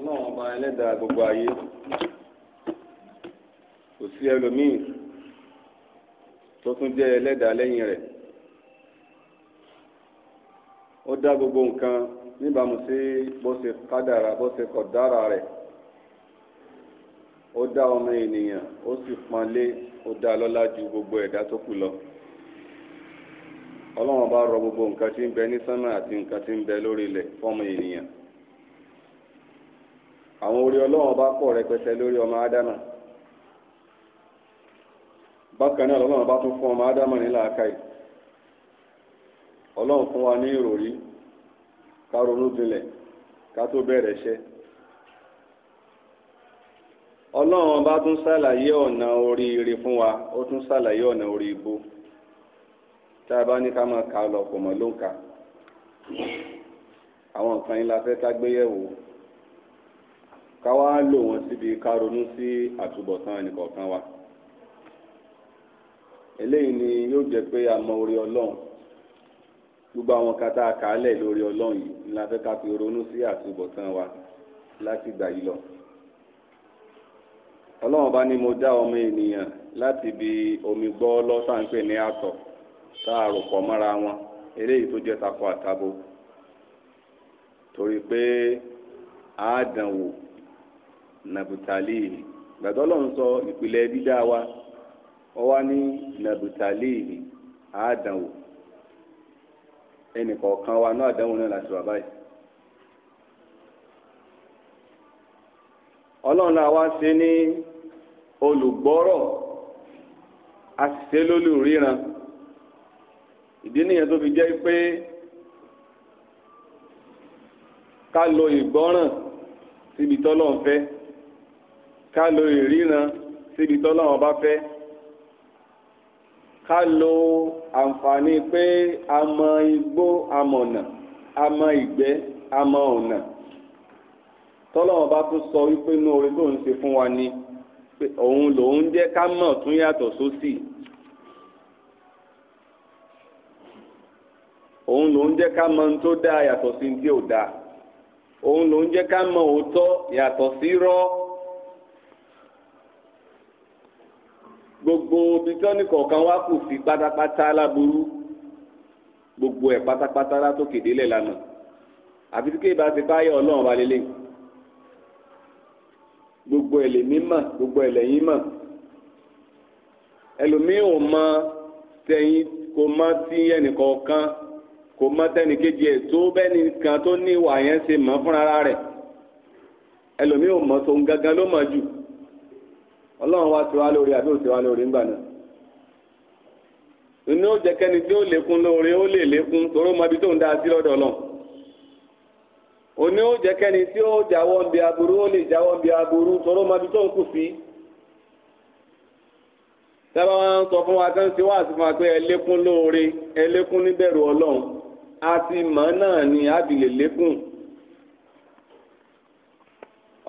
ọlọ́run ọba ẹlẹ́dà gbogbo ayé kò sí ẹlòmíì tó tún jẹ́ ẹlẹ́dà lẹ́yìn rẹ̀ ó dá gbogbo nǹkan níbàámu sí bó kádàrà bó kọ kọ̀dára rẹ̀ ó dá ọmọ ènìyàn ó sì lé ó dá lọ́lá gbogbo ẹ̀dá tó lọ ọlọ́run ọba gbogbo nǹkan tí ń bẹ ní sánmà àti nǹkan tí ń bẹ lórí ilẹ̀ ènìyàn. àwọn orí ọlọ́run bá pọ̀ rẹpẹtẹ lórí ọmọ ádámà bákan náà bá tún fún ọmọ ádámà ní ọlọ́run fún wa ní ìròrí ká ronú jinlẹ̀ ká tó bẹ̀rẹ̀ ṣẹ́ ọlọ́run bá tún ṣàlàyé ọ̀nà fún wa ó tún ọ̀nà orí ibo tá a bá ní ká máa kà ló ń kà ká wá lò wọ́n síbi ká ronú sí àtúbọ̀tán ẹnìkọ̀ọ̀kan wa eléyìí ni yóò jẹ́ pé a mọ orí ọlọ́run gbogbo àwọn kata àkàálẹ̀ lórí ọlọ́run yìí ni la fẹ́ ká fi ronú sí àtúbọ̀tán wa láti gbà yìí lọ ọlọ́run bá ní mo dá ọmọ ènìyàn láti bi omi gbọ́ lọ́sàǹpẹ̀ ní àtọ̀ tá a rò pọ̀ mọ́ra wọn eléyìí tó jẹ́ takọ àtabo torí pé àádàn wò Nabutali, gbàdọ́ lọ́n sọ ìpìlẹ̀ dídá wa ọ wá ní nàbùtàlì àádánwò ẹnìkọ̀ọ̀kan wa náà àdánwò náà láti wà báyìí. ọlọ́run náà wá ṣe ní olùgbọ́rọ̀ a lólùríran ìdí nìyẹn tó fi jẹ́ pé ká lo ìgbọ́ràn síbi tọ́lọ́run ká lo ìríran síbi tọ́lọ́wọ́n bá fẹ́ ká lo àǹfààní pé a mọ igbó amọ̀nà a mọ ìgbẹ́ a mọ ọ̀nà tọ́lọ́wọ́n bá tún sọ wípé inú orí tó ń ṣe fún wa ni pé òun lòun jẹ́ ká mọ̀ tún yàtọ̀ sósì. òun lòun jẹ́ ká mọ ohun tó dáa yàtọ̀ sí ohun ò dáa òun lòun jẹ́ ká mọ òótọ́ yàtọ̀ sí rọ́ọ́. gbogbo ibi tí wọ́n ní kọ̀ọ̀kan wá kù sí pátápátá láburú gbogbo ẹ̀ pátápátá látó kéde lẹ̀ lánàá àfi tí kéde bá ti báyọ̀ ọlọ́run wa lélẹ̀ gbogbo ẹ̀ lèmi mọ̀ gbogbo ẹ̀ lẹ́yìn mọ̀ ẹlòmíì ò mọ tẹ̀yìn kò mọ tí ẹnìkọ̀ọ̀kan kò mọ tẹnìkejì ẹ̀ tó bẹ́ni kan tó ní ìwà yẹn ṣe mọ̀ fúnra rẹ̀ ẹlòmíì ò mọ tó ń gangan ló mọ̀ jù. ọlọ́run wa ti wá lórí àbí ò ti wá lórí ńgbà náà inú ó jẹ kẹ́ni tí ó lékún lóore ó lè lékún toró mọbi tó ń dá sí lọ́dọ̀ náà òní ó jẹ kẹ́ni tí ó jáwọ́ ń bi aburú ó lè jáwọ́ ń bi aburú toró mọbi tó ń kù sí sábà wọn sọ fún wa kán sí wá sí fún wa pé ẹ lékún lóore ẹ lékún níbẹ̀rù ọlọ́run a ti mọ̀ náà ni a lè lékún.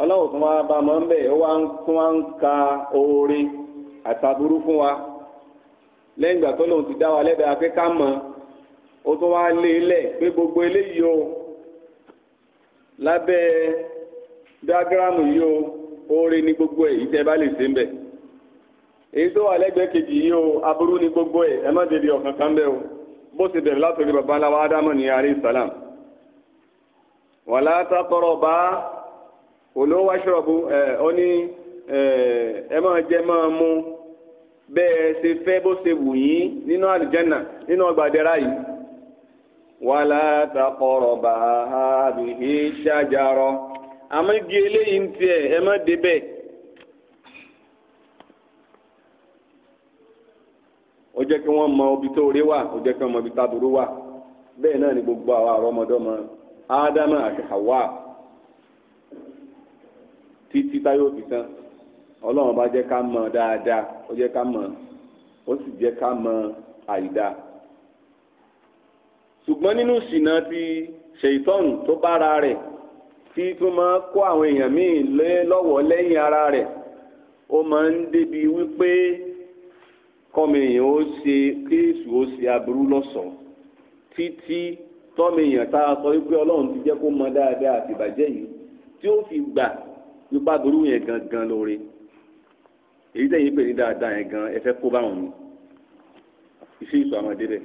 ọlọ́run tún wá bá mọ́ ń bẹ̀ ó wá ń tún wá ń ka oore àtàbúrú fún wa lẹ́yìn ìgbà tó lòun ti dá wa lẹ́bẹ̀ẹ́ pé ká mọ̀ ó tún wá lé e lẹ̀ pé gbogbo eléyìí o lábẹ́ díagírámù yìí o oore ni gbogbo ẹ̀ ìtẹ́ bá lè ṣe ń bẹ̀ èyí tó wà lẹ́gbẹ̀ẹ́ kejì yìí o aburú ni gbogbo ẹ̀ ẹ má débi ọ̀kan kan bẹ́ẹ̀ o bó ti bẹ̀rẹ̀ látòrí baba ńlá ádámù ní alayhi salam wàlá tá kọ́rọ̀ bá. olówó aṣọ́rọ̀bù ọ ní ẹ jẹ máa mú bẹ́ẹ̀ ṣe fẹ́ bó ṣe wù yín nínú àlùjẹ́nà nínú ọgbà àdẹ́rà yìí. wàlá taqrabu hadhihi shajara àmọ́ igi eléyìí ń tiẹ̀ ẹ má débẹ̀. ó jẹ́ kí wọ́n mọ ibi tó rí wà ó jẹ́ kí wọ́n mọ ibi wà bẹ́ẹ̀ náà ni gbogbo àwa àrọ́mọdọ́mọ ádámà àti títí táyọ̀ fi tán ọlọ́run bá jẹ́ ká mọ̀ dáadáa ó jẹ́ ká mọ̀ ó sì jẹ́ ká mọ̀ àìdá. ṣùgbọ́n nínú ìṣìnà ti ṣèyítọ́nù tó bára rẹ̀ tí tún máa kó àwọn èèyàn míì lé lọ́wọ́ lẹ́yìn ara rẹ̀ ó máa ń débi wípé kọ́mẹ̀yìn ó ṣe kéésù ó ṣe aburú lọ́sọ̀ọ́ títí tọ́mẹ̀yìn tá a sọ wípé ọlọ́run ti jẹ́ kó mọ̀ dáadáa àtìbàjẹ́ yìí tí ó fi gbà yóò burú yẹn gangan lóore èyí tẹ̀yìn pè ní dáadáa yẹn gan ẹ fẹ́ kó báwọn ni iṣẹ́ ìtọ́ àmọ́dé bẹ̀.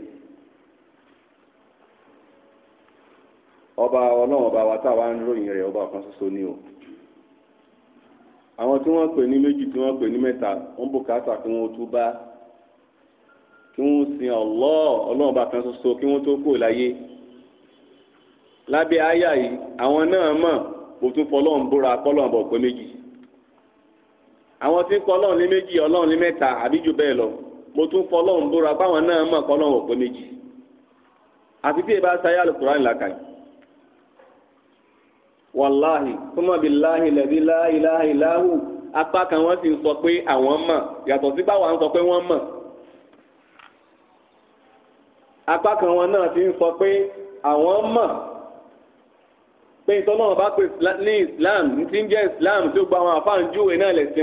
ọba ọlọ́run ọba wa táwa ń ròyìn rẹ̀ ọba kan ṣoṣo ni o àwọn tí wọ́n pè ní méjì tí wọ́n pè ní mẹ́ta wọ́n bùkátà kí wọ́n tún bá kí wọ́n sin ọlọ́ ọlọ́run ọba kan ṣoṣo kí wọ́n tó kúrò láyé lábẹ́ àyà yìí àwọn náà mọ̀. kò tún fọlọ́run búra kọ́lọ́run bọ̀ pé méjì àwọn tí ń kọ́ ọlọ́run ní méjì ọlọ́run ní mẹ́ta àbí jù bẹ́ẹ̀ lọ mo tún fọlọ́run búra báwọn náà mọ̀ kọ́lọ́run bọ̀ pé méjì àti tí ìbá sáyà Al-Qur'an làkàì wàláhì fúnmọ́bìláhì lẹ́bí láhìláhì láhù apá kan wọ́n sì ń sọ pé àwọn mọ̀ yàtọ̀ sí báwa ń sọ pé wọ́n mọ̀ apá kan wọn náà ti ń sọ pé àwọn mọ̀ pé ìtọ́lọ́run ọba pè ní islam ti ń jẹ́ islam tó gba àwọn àfáà ń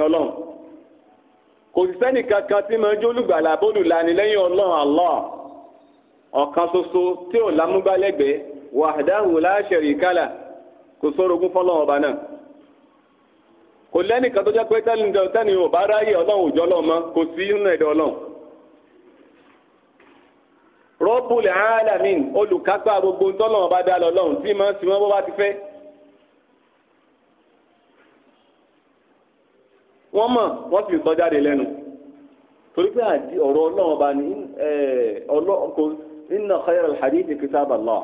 ọlọ́run kò sí kankan tí máa ń jólùgbàlà bólùlani lẹ́yìn ọlọ́run Allah ọ̀kan ṣoṣo tí ò lámúgbálẹ́gbẹ̀ẹ́ wà dáhùn kò sọ̀rọ̀ ogún fọlọ́run ọba náà kò lẹ́nìkan tó jẹ́ pé tẹ́lifíńtẹ́ni ò bá ráyè ọlọ́run òjọ́ ọlọ́run mọ́ kò sí nínú Rabbul alamin olùkápá gbogbo ntọ́lọ́wọ́n bá dá lọ́lọ́run tí màá sì mọ́ bó bá ti fẹ́. wọ́n mọ̀ wọ́n sì sọ jáde lẹ́nu torí pé àdí ọ̀rọ̀ ọlọ́run bá ní ọlọ́kọ inna khayral hadithi kitab Allah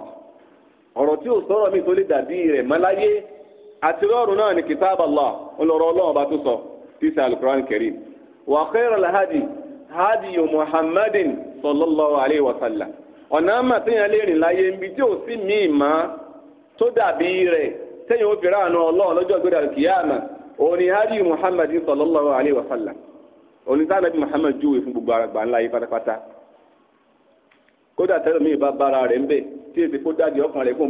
ọ̀rọ̀ tí ò sọ̀rọ̀ mi tó lè dàbí rẹ̀ mọ́láyé àti lọ́rùn náà ní kitab Allah ọlọ́rọ̀ ọlọ́run bá tó sọ tí sẹ́ al-Qur'an karim wa hadi hadi muhammadin. sallallahu alaihi wa sallam ọ̀nà àmà téèyàn lè rìn láyé níbi tí ò sí míì mọ́ tó dàbí rẹ̀ téèyàn ó fi ọlọ́ọ̀ lọ́jọ́ ìgbéra kìyàmà òní hadi muhammad sallallahu alaihi òní sànàbí muhammad júwe fún gbogbo àgbà ńlá yìí pátápátá kódà bára rẹ̀ ń bẹ̀ tí èsì kó dájú ọkàn rẹ̀ fún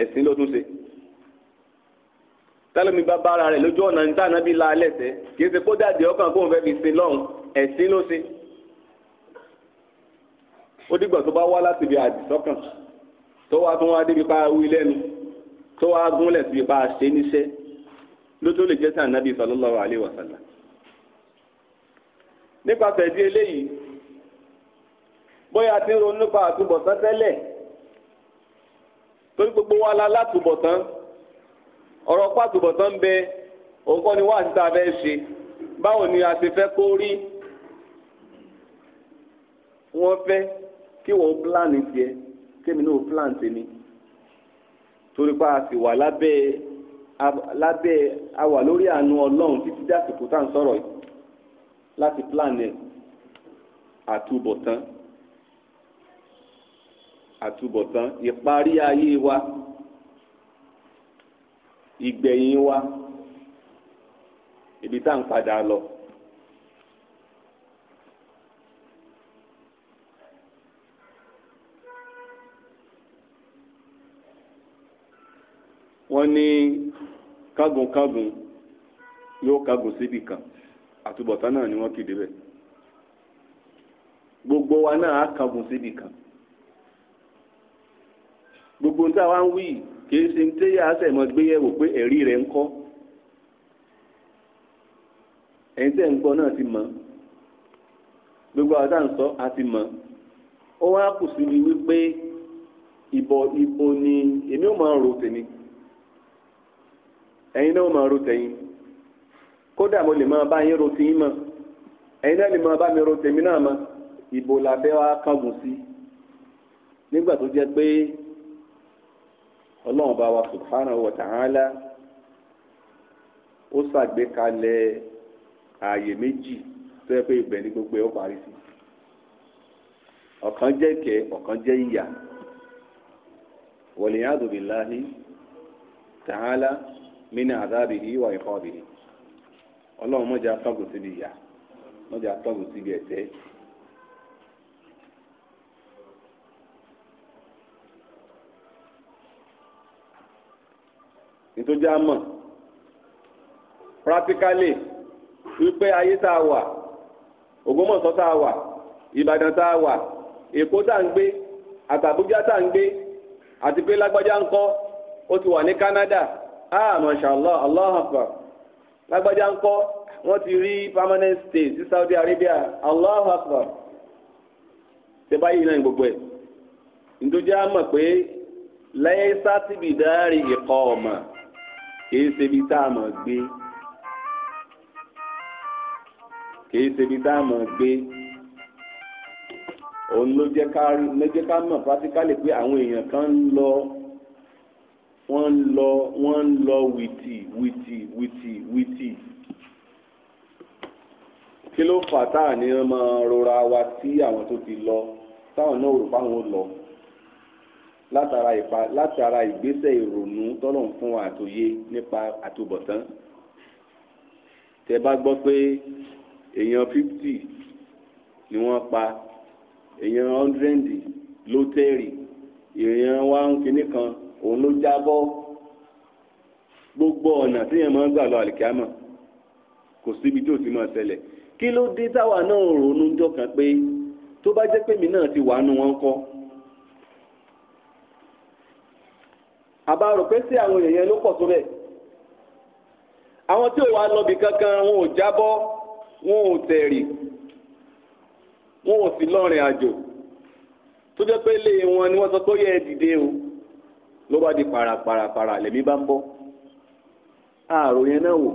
ẹ̀sìn ló tún ṣe bára ó dìgbà tó bá wá láti ibi àdìsọ́kàn tó wá tó wá débi pa awí lẹ́nu tó wá gúnlẹ̀ síbi pa àṣẹ níṣẹ́ ló tó lè jẹ́ sí ànábì sallallahu alaihi wasallam nípasẹ̀ di eléyìí bóyá ti ń ronú nípa àtúbọ̀tán tẹ́lẹ̀ torí gbogbo wa la látúbọ̀tán ọ̀rọ̀ pàtúbọ̀tán ń bẹ òun kọ́ ni wá àti tá a fẹ́ ṣe báwo ni a ṣe fẹ́ kó rí wọ́n fẹ́ kí wọ́n pílánì tiẹ̀ kémi náà pílán tèmi torí pa a sì wà lábẹ́ lábẹ́ a wà lórí àánú ọlọ́run títí dásìkò tá à ń sọ̀rọ̀ yìí láti pílánì àtúbọ̀tán àtúbọ̀tán ìparí ayé wa ìgbẹ̀yìn wa ibi tá à ń padà lọ. wọ́n ní kágunkágun yóò kágun síbì kan àtúbọ̀tán náà ni wọ́n kéde bẹ́ẹ̀ gbogbo wa náà á kágun síbì kan gbogbo níta wá ń wí kìí ṣe téyà àṣẹmọ gbéyẹ̀wò pé ẹ̀rí rẹ̀ ń kọ́ ẹ̀yin tẹ́ ń gbọ́ náà ti mọ̀ gbogbo àwọn táà ń sọ a ti mọ̀ ó wá kù síbi wípé ìbò ìbò ni èmi ò máa rò tèmi ẹ̀yin náà máa ro tẹ̀yin kódà mo lè máa bá yín ro tiyín mọ ẹ̀yin náà lè máa bá mi ro tèmi náà mọ. ìbò làbẹ́ wa kángun sí nígbà tó jẹ́ pé ọlọ́run bá wa subhanahu wa ta'ala ó ṣàgbékalẹ̀ ààyè méjì tó yẹ pé ibẹ̀ ni gbogbo ẹ̀ ó parí sí ọ̀kan jẹ́ ìkẹ́ ọ̀kan jẹ́ ìyà wọ̀lẹ̀yìn àdùnnìláhi ta'ala. mínú àdábìhì wà ìkọ́bìhì ọlọ́run mọ̀jà tọ́gùn síbi ìyá mọ̀jà tọ́gùn síbi ẹ̀tẹ́. nítorí a mọ̀ practically wípé ayé tá a wà Ògbómọ̀ṣọ́ tá a wà Ìbàdàn tá a wà Èkó tá a ń gbé àtàbújá tá a ń gbé àti pé lágbájá ńkọ́ ó ti wà ní Canada ah mashallah allah akbar lágbájá ńkọ́ wọn ti rí permanent stay sí saudi arabia allah akbar ṣe báyìí náà gbogbo ẹ pé sátìbì dárí kìí tá a gbé kìí tá a ló ká wọ́n ń lọ wọ́n ń lọ wìtì wìtì wìtì wìtì kí ló fà tá à ní máa rora wa tí àwọn tó ti lọ táwọn náà rò fáwọn lọ látara ìpa látara ìgbésẹ̀ ìrònú tọ́lọ̀ ń fún wa àtòyé nípa àtúbọ̀tán tẹ bá gbọ́ pé èèyàn fifty ni wọ́n pa èèyàn hundred ló tẹ́rì èèyàn one kìíní kan òun ló jábọ́ gbogbo ọ̀nà tí yẹn máa ń gbà lọ àlìkámà kò síbi tí ò ti máa ṣẹlẹ̀ kí ló dé táwa náà ronú jọ pé tó bá jẹ́ pèmí náà ti wà nù wọn kọ́ Àbárò pé sí àwọn èèyàn ló pọ̀ tó bẹ̀ àwọn tí ò wá lọ́bì kankan wọn ò jábọ́ wọn ò tẹ̀rì wọn ò sì lọ́rìn àjò tó jẹ́ pé lé wọn ni wọ́n sọ pé ó yẹ dìde o. ló bá di parapara lèmi bá ń bọ́ ààrò yẹn náà wò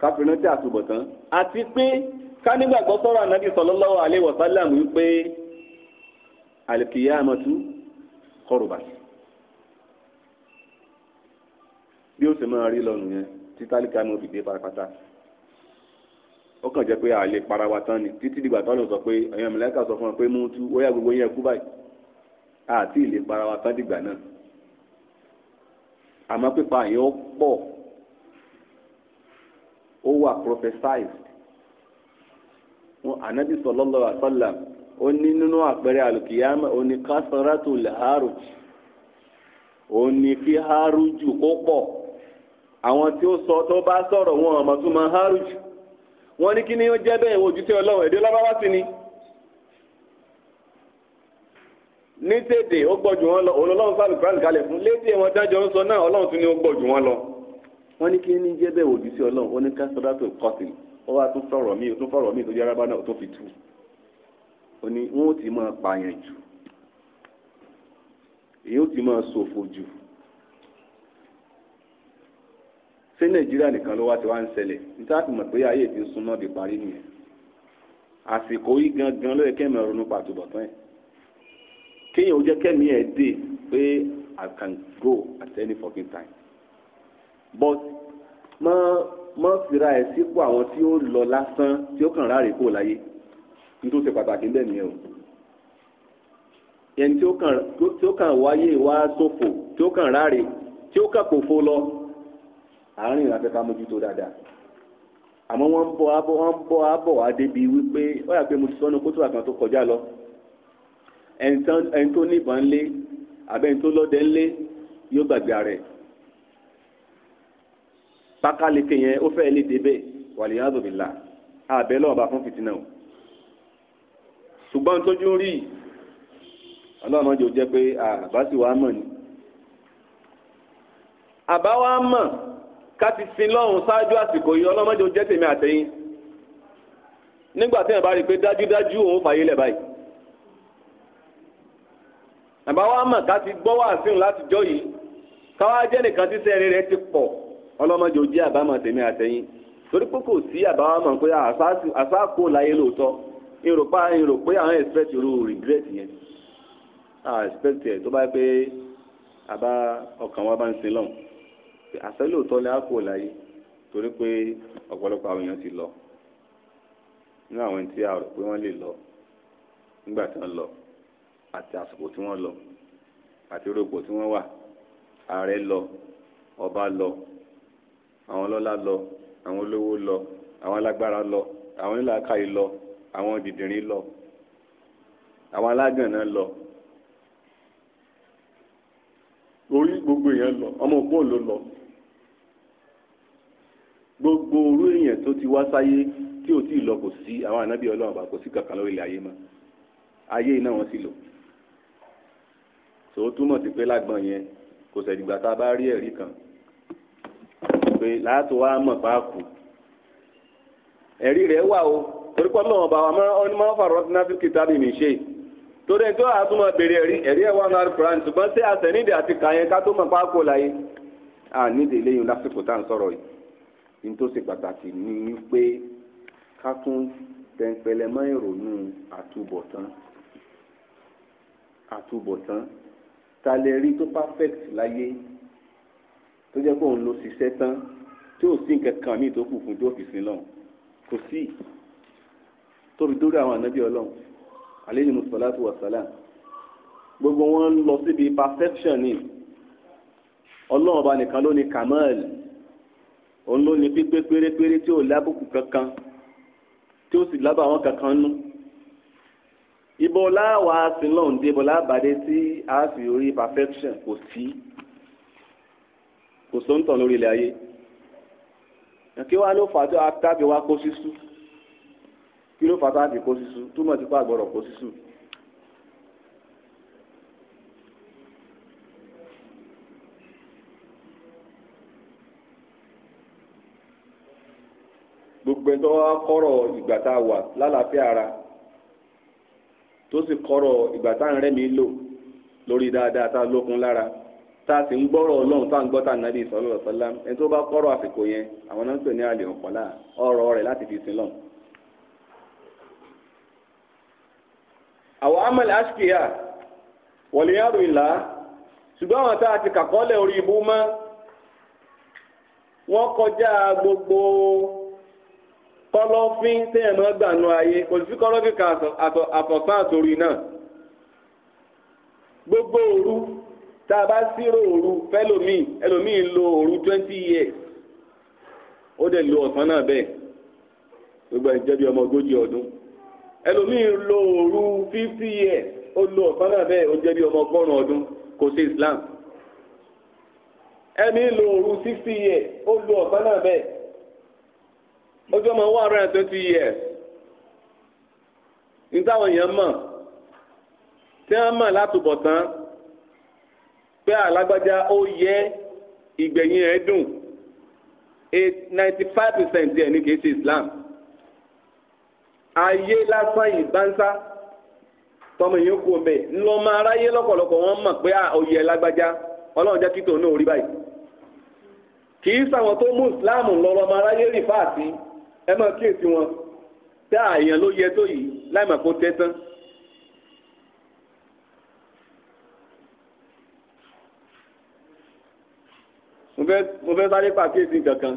káfíńtì àtúbọ̀tán àti pé ká nígbàgbọ́ sọ̀rọ̀ ànábì sallallahu alaihi wasallam wípé al-qiyamatu qurbat bí ó sì máa rí lọ́nu yẹn títí àlìkíyàmá fi dé pátápátá ó kàn jẹ́ pé a lè para wa tán ni títí dìgbà tán ló sọ pé ẹ̀yàn mọ̀lẹ́kà sọ fún wa pé mú tú ó yá gbogbo yẹn kú báyìí àti ìlè para wa tán dìgbà náà àmọ́ pípa yẹn ó pọ̀ ó wà prophesized wọn ànábì sallallahu alaihi wasallam ó ní nínú àpẹẹrẹ àlùkìyàmẹ ó ní kásáràtù làárùj ó ní kí hárùjù kó pọ̀ àwọn tí ó sọ tó bá sọ̀rọ̀ wọn àmọ́ tó máa hárùjù wọ́n ní kí ni ó jẹ́ bẹ́ẹ̀ ìwọ ojútẹ́ ọlọ́run èdè ọlọ́bàbà sí ni. ní tèdè ó gbọ́ jù wọ́n lọ òun ọlọ́run fàlù kúránì kalẹ̀ fún lédè wọn dájọ́ ń sọ náà ọlọ́run tún ni ó gbọ́ jù wọ́n lọ. wọ́n ní kí ni jẹ́ bẹ́ẹ̀ ojútẹ́ ọlọ́run ó ní ká sọ́dá tó kọ́sì ó wá tún fọ̀rọ̀ míì tún fọ̀rọ̀ míì tó jẹ́ arábá náà tó fi tú ó ní wọ́n ó ti máa pààyàn jù èyí ó ti máa ṣòfò jù ṣé nàìjíríà nìkan ló wá ti wá ń ṣẹlẹ̀ níta fi mọ̀ pé ayé ti ń súnmọ́ bí parí nìyẹn àsìkò yìí gangan ló kẹ́mi ọ̀rọ̀ pàtó bọ̀tán ẹ̀ kéèyàn ó jẹ́ kẹ́mi ẹ̀ pé I can go at any fucking time but mọ́ mọ́ sípò àwọn tí ó lọ lásán tí ó kàn ráre kó láyé nítorí ṣe pàtàkì ń o ẹni tí ó kàn wáyé wá tí ó kàn ráre àárín ìrànfẹ́ ká mójútó dáadáa àmọ́ wọ́n ń bọ̀ abọ̀ wọ́n ń bọ̀ abọ̀ wá débi wípé ó yà pé mo ti sọ́nu kótó àkàn tó kọjá lọ ẹni tó níbọn ńlé àbẹ́ni tó lọ́dẹ ńlé yóò gbàgbé rẹ̀ pákáleke yẹn ó fẹ́ lé débẹ̀ wàlẹ̀ yàtọ̀bìlà àbẹ́ lọ́wọ́ bá fún fìtínà o ṣùgbọ́n tójú rí ọlọ́run jò jẹ́ pé àbá sì wá mọ̀ ni àbá wa mọ̀ ká ti sin lọ́hùn ṣáájú àsìkò yìí ọlọ́mọdé jẹ́ tèmi àtẹ̀yìn nígbà tí ẹ̀ bá rí i pé dájúdájú òun fàyè lẹ̀ báyìí àbá wa mọ̀ ká ti gbọ́ wá síhùn látijọ́ yìí káwá jẹ́ nìkan tí sẹ́ẹ̀rẹ́ rẹ ti pọ̀ ọlọ́mọdé ojú àbámọ̀ tèmi àtẹ̀yìn torí pé kò sí àbá wa mọ̀ pé àsáàkó láyé lóòótọ́ irò pa irò pé àwọn expect irú regret yẹn àwọn expect ẹ̀ tó bá pé àbá ọkàn wa bá ń sin lọ́hùn àṣẹ lóòótọ́ ni a kò láyé torí pé ọ̀pọ̀lọpọ̀ àwọn èèyàn ti lọ nínú àwọn tí a rò pé wọ́n lè lọ nígbà tí wọ́n lọ àti àsìkò tí wọ́n lọ àti rògbò tí wọ́n wà ààrẹ lọ ọba lọ àwọn ọlọ́lá lọ àwọn olówó lọ àwọn alágbára lọ àwọn onílàákàyè lọ àwọn dìdìrín lọ àwọn alágànná lọ orí gbogbo èèyàn lọ ọmọ òpó ló lọ gbogbo orú èèyàn tó ti wá sáyé tí ò tí ì lọ kò sí àwọn ànábì ọlọ́run àbá kò sí kankan lórí ilẹ̀ ayé mọ́ ayé iná wọn sì lò tòó túmọ̀ sí pé lágbọ́n yẹn kò sẹ̀dìgbà tá a bá rí ẹ̀rí kan pé láàtò wa mọ̀ pa ẹ̀rí rẹ̀ wà o torí pé ọlọ́run ọba wa ọ̀nìmọ̀ fàrọ̀ náà fi kìtàbí mi ṣe é torí ẹni tó wà á tún máa béèrè ẹ̀rí ẹ̀rí ẹ̀ wà ní alukuran ṣùgbọ́n ṣé àtẹ̀nídìí àti kàyẹn ká tó mọ̀ pa kó láyé à nídìí eléyìí lásìkò tá à ń sọ̀rọ̀ yìí ní tó ṣe pàtàkì ni pé ká tún tẹ̀ǹpẹ̀lẹ̀ mọ́ ìrònú àtúbọ̀tán àtúbọ̀tán ta lè rí tó perfect láyé tó jẹ́ pé òun ló ṣiṣẹ́ tán tí ò sí nǹkan kan míì tó kù fún tó fi sin lọ́hùn kò sí tóbi dórí àwọn ànábì ọlọ́hùn aleyhi musalatu wa salam gbogbo wọn lọ síbi perfection ni ọlọ́run ọba nìkan ló ní kamal òun ló ní pípé pérépéré tí ò lábùkù kankan tí ó sì lábà wọn kankan nú ibo láwa sílọ̀n dé ibo lábàdé tí a sì rí perfection kò sí kò sóńtàn lórí ilẹ̀ ayé kí wàá ló fà á tó akábíwá kó sísú kí ló fàtà àti kó sísú túmọ̀ sí pé àgbọ̀rọ̀ kó sísú. gbogbo ẹni tó wá kọ́rọ̀ ìgbà tá a wà lálàáfíà ara tó sì kọ́rọ̀ ìgbà tá à ń rẹ́mi lò lórí dáadáa tá a lókun lára tá a sì ń gbọ́rọ̀ ọlọ́run tá à ń gbọ́ tá a nàbí sallallahu alaihi wasallam ẹni tó bá kọ́rọ̀ àsìkò yẹn àwọn náà ń pè ní àlè ọ̀pọ̀lá ọ̀rọ̀ rẹ̀ láti fi sin lọ́hùn. àmọ́ àṣìkìyà wọ̀lẹ̀ ila ṣùgbọ́n àwọn ti kàkọ́lẹ̀ orí ibú mọ́ wọ́n kọjá gbogbo kọ̀lọ̀fín téèyàn máa gbà nù ayé kò sí kọ̀lọ̀fín kan àtọ̀sán náà gbogbo òru tá bá sírò òru fẹ́lòmíì ẹlòmíì ń lo òru twenty years ó dẹ̀ lo ọ̀sán náà bẹ́ẹ̀ gbogbo ẹ̀ jẹ́ bí ọdún. ẹlòmíì lo òru fifty years ó lo ọ̀sán náà bẹ́ẹ̀ ó jẹ́ bí ọmọ ọgọ́rùn-ún ọdún kò ṣe Islam ẹ̀mí lo òru sixty years ó lo ọ̀sán náà bẹ́ẹ̀ ó jẹ́ ọmọ one hundred twenty years ní táwọn èèyàn mọ̀ tí wọ́n mọ̀ látùbọ̀tán pé alágbájá ó yẹ ìgbẹ̀yìn ẹ̀ dùn ninety five percent ẹ̀ ní kì í ṣe Islam ayé lásán ìgbánsá tọmọ yìí kú ọbẹ ńlọ máa aráyé lọ́pọ̀lọpọ̀ wọ́n mọ̀ pé oyè lágbájá Ọlọ́run jẹ́ kí tòun náà rí báyìí kì í sàwọn tó mú ìsìláàmù lọrọ máa aráyé rì fáàtì ẹ máa kíyèsí wọn tá àyàn ló yẹ tó yìí láì mà kó tẹ́ tán. mo fẹ́ sáré pàkíyèsí kankan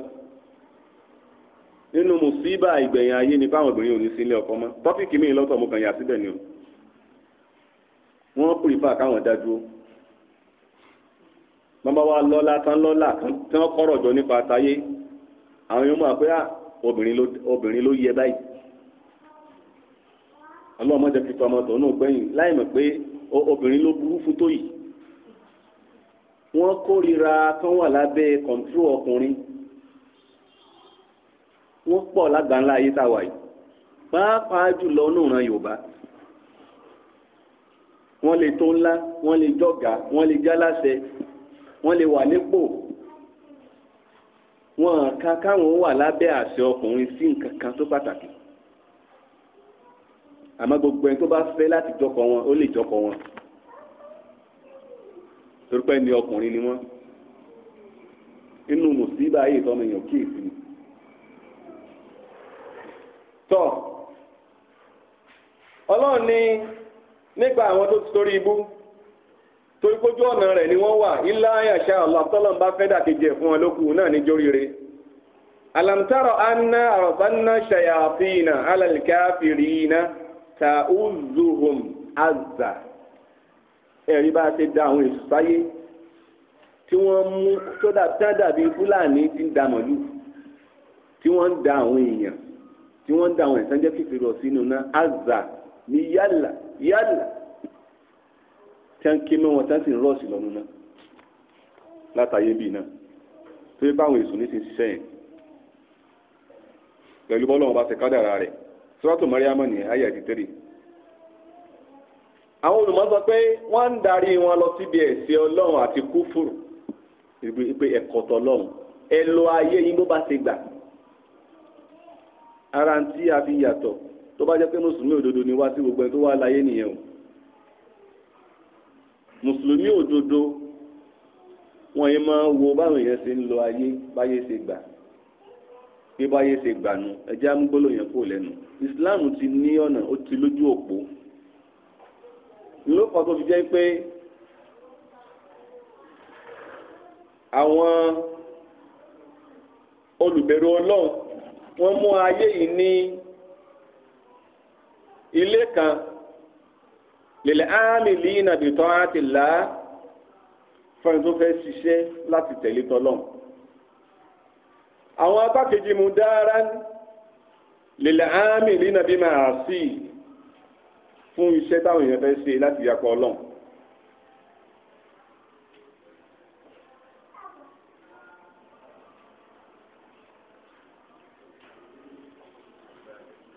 nínú mùsíbà ìgbẹ̀yìn ayé ni fáwọn obìnrin ò ní sílé ọkọ mọ́ tọ́pìkì mi lọ́tọ̀ mo kàn yà síbẹ̀ ni o wọ́n pèfà káwọn dá dúró bàbá wa lọ́la tán lọ́la tí wọ́n kọ́rọ̀ jọ nípa àtayé àwọn yóò mọ̀ pé ah, obìnrin ló yẹ báyìí ọlọ́mọ jẹ́ fífi ọmọ tòun náà gbẹ̀yìn láì mọ̀ pé obìnrin ló burú fún tó yìí wọ́n kórìíra tán wà lábẹ́ kọ̀ǹtúrò ọkùnrin wọ́n pọ̀ lágbàńlá ayé tá a wà yìí pàápàá jùlọ ní ìran yorùbá wọ́n lè tó ńlá wọ́n lè jọ̀gá wọ́n lè jáláṣẹ wọ́n lè wà nípò wọ́n ká káwọn wà lábẹ́ àṣẹ ọkùnrin sí nǹkan kan tó pàtàkì àmọ́ gbogbo ẹni tó bá fẹ́ láti jọkọ wọn ó lè jọkọ wọn torí pé ẹni ọkùnrin ni wọ́n inú mùsíbà ayé ìtọ́mọ èèyàn kíyèsí ni. tọ̀ ọlọ́run ní nígbà àwọn tó ti torí ibú torí kójú ọ̀nà rẹ̀ ni wọ́n wà ilá àyàṣà ọ̀làtọ́lọ́n bá fẹ́ dàkejì ẹ̀ fún wọn lókù náà ní jóríire. alamtaro anna arọ̀bánná ṣayàfínà alalikafirina ta'uzuhum azza ẹ̀rí bá ṣe da àwọn èso sáyé tí wọ́n mú tó dàbí fúlàní ti ń da mọ̀lú tí wọ́n ń da àwọn èèyàn tí wọ́n da àwọn ẹ̀sán jẹ́ kìfì rọ̀ náà àzà ní yálà yálà tí wọ́n ké mẹ́wọ́n tí wọ́n sì ń sí lọ́nu náà látàyè bíi náà tó yẹ báwọn èso ní ti pẹ̀lú bọ́lá wọn bá ti kádàrà rẹ̀ sọ pé wọ́n ń darí wọn lọ síbi ẹ̀sìn ọlọ́run àti kúfùrù ẹ̀kọ́tọ̀ ọlọ́run ẹ lo ayé yín bó ara ń tí a fi yàtọ̀ tó bá jẹ́ pé mùsùlùmí òdodo ni wá sí gbogbo ẹni tó wá láyé nìyẹn o mùsùlùmí òdodo wọn yìí máa wo báwọn èèyàn ṣe ń lo ayé báyé ṣe gbà pé báyé ṣe gbà nu ẹjẹ amúgbóló yẹn kò lẹ́nu Islam ti ní ọ̀nà ó ti lójú òpó ló kọ́ tó fi jẹ́ pé àwọn olùbẹ̀rù Ọlọ́run wọ́n mú ayé yìí ní ilé kan lèlẹ́ ámìlì ìnàbìtọ́ àti là á fẹ́ni tó fẹ́ ṣiṣẹ́ láti tẹ̀lé tọ́lọ́m. àwọn apákejì mu dára lèlẹ́ ámìlì ìnàbìmọ̀ àṣì fún iṣẹ́ táwọn èèyàn fẹ́ ṣe láti yàpọ̀ ọlọ́run.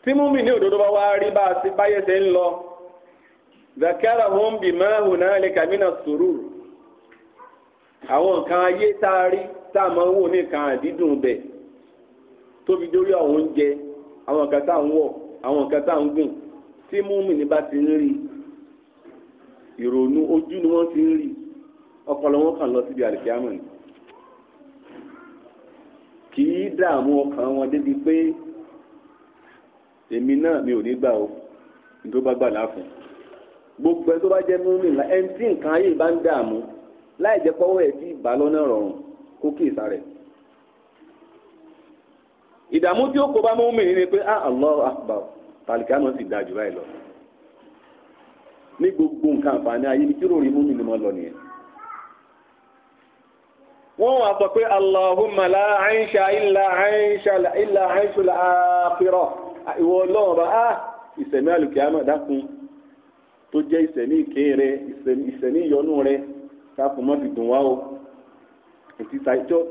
tí múmi ní òdodo bá wá rí bá a ti báyé ṣe ń lọ zakara hom bi máa hù náà lè kàmínà sùúrù àwọn nǹkan ayé tá a rí tá a máa ń wò ní nǹkan àdídùn bẹ̀ tóbi dórí àwọn oúnjẹ àwọn nǹkan tá à ń wọ̀ àwọn nǹkan tá à ń gùn tí ní bá ti ń rí ìrònú ojú ni wọ́n ti ń rí ọpọlọ wọn kàn lọ síbi àlìkíyàmọ̀ ni kì í dààmú ọkàn wọn débi pé. èmi náà mi ò ní gbà o tó bá gbà láàfin gbogbo ẹ tó bá jẹ múmi ńlá ẹni tí nǹkan ayé bá ń dààmú láì jẹ pọwọ ẹ tí ìbá lọ́nà rọrùn kó kí ìsà ìdààmú tí ó kó bá múmi ní ni pé ah Allahu gbogbo nǹkan àǹfààní ayé ni kí rí lọ nìyẹn wọ́n wá sọ pé Allahumma la aisha illa aisha illa aisha Ah, ìwọ ọlọ́run ọba á ah, ìsẹ̀mí àlùkìyámà dákun tó jẹ́ ìsẹ̀mí ìké rẹ ìsẹ̀mí ìyọnú rẹ dákun mọ́ fi dùn wá o ètí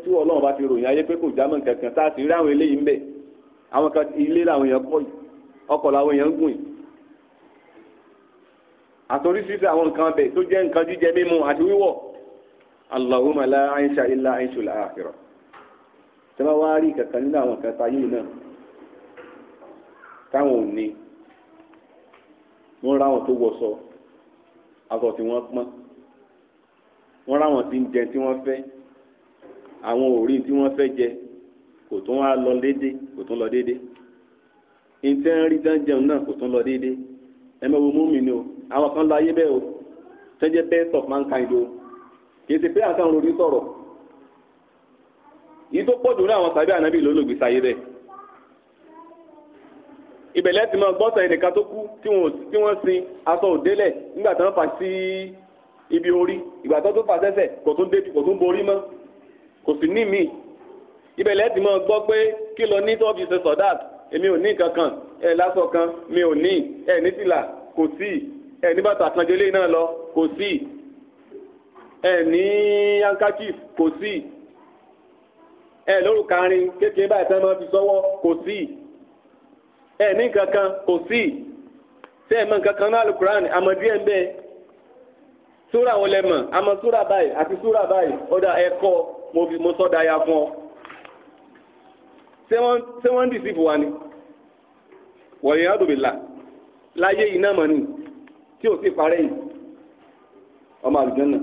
tí ọlọ́run ti ròyìn ayé pé kò jámọ́ kankan tá a sì rí àwọn eléyìí ń bẹ̀ àwọn kan ilé làwọn èèyàn kọ́ ọkọ̀ làwọn èèyàn ń gùn yìí àwọn nǹkan bẹ̀ tó jẹ́ nǹkan jíjẹ mímu àti wíwọ̀ la illa tí wọ́n wá rí kankan nínú àwọn kan táwọn ò ní wọ́n ráwọn tó wọṣọ aṣọ tí wọ́n pọ́n wọ́n ráwọn tí ń jẹ tí wọ́n fẹ́ àwọn òrí tí wọ́n fẹ́ jẹ kò tún wá lọ déédé kò tún lọ déédé ntẹ́ ń rí tán jẹun náà kò tún lọ déédé ẹ mọ̀ wo múmi ni o àwọn kan lọ ayé bẹ́ẹ̀ o tẹ́jẹ́ best of mankind o kì í ṣe pé àtàwọn orí sọ̀rọ̀ yìí tó pọ̀ jù ní àwọn tàbí ànábì lólùgbèsè ayé bẹ́ẹ̀ ìbẹ̀lẹ̀ ti máa gbọ́sọ̀ ẹnìkan tó kú tí wọ́n sin aṣọ òdélẹ̀ nígbà tí wọ́n fà sí ibi orí ìgbà tó tó fà sẹ́sẹ̀ kò tún débi kò tún borí mọ́ kò sì ní mí ìbẹ̀lẹ̀ ti máa gbọ́ pé kí lọ ní tó ṣe sọ̀dá èmi ò ní nǹkan kan lásọ kan mi ò ní ẹ̀ ní tìlà kò sí ẹ̀ ní bàtà kanjẹ́lé náà lọ kò sí ẹ̀ ní handkerchief kò sí ẹ̀ lórúkarin kékeré báyìí tẹ́ máa fi sọ́wọ́ kò sí ẹ ní kankan kò sí ṣe ẹ mọ kankan náà alukurani àmọ́ díẹ̀ ń bẹ súrà wọn lẹ mọ àmọ́ súrà báyìí àti súrà báyìí ọdà ẹkọ mo fi mo sọdà ya fún ọ ṣé wọn ṣé wọn ń dì sí fún wa ni wọ̀nyí adùnbìlà láyé yìí náà mọ̀ ni tí ò sì parẹ́ yìí ọmọ àlùjọ náà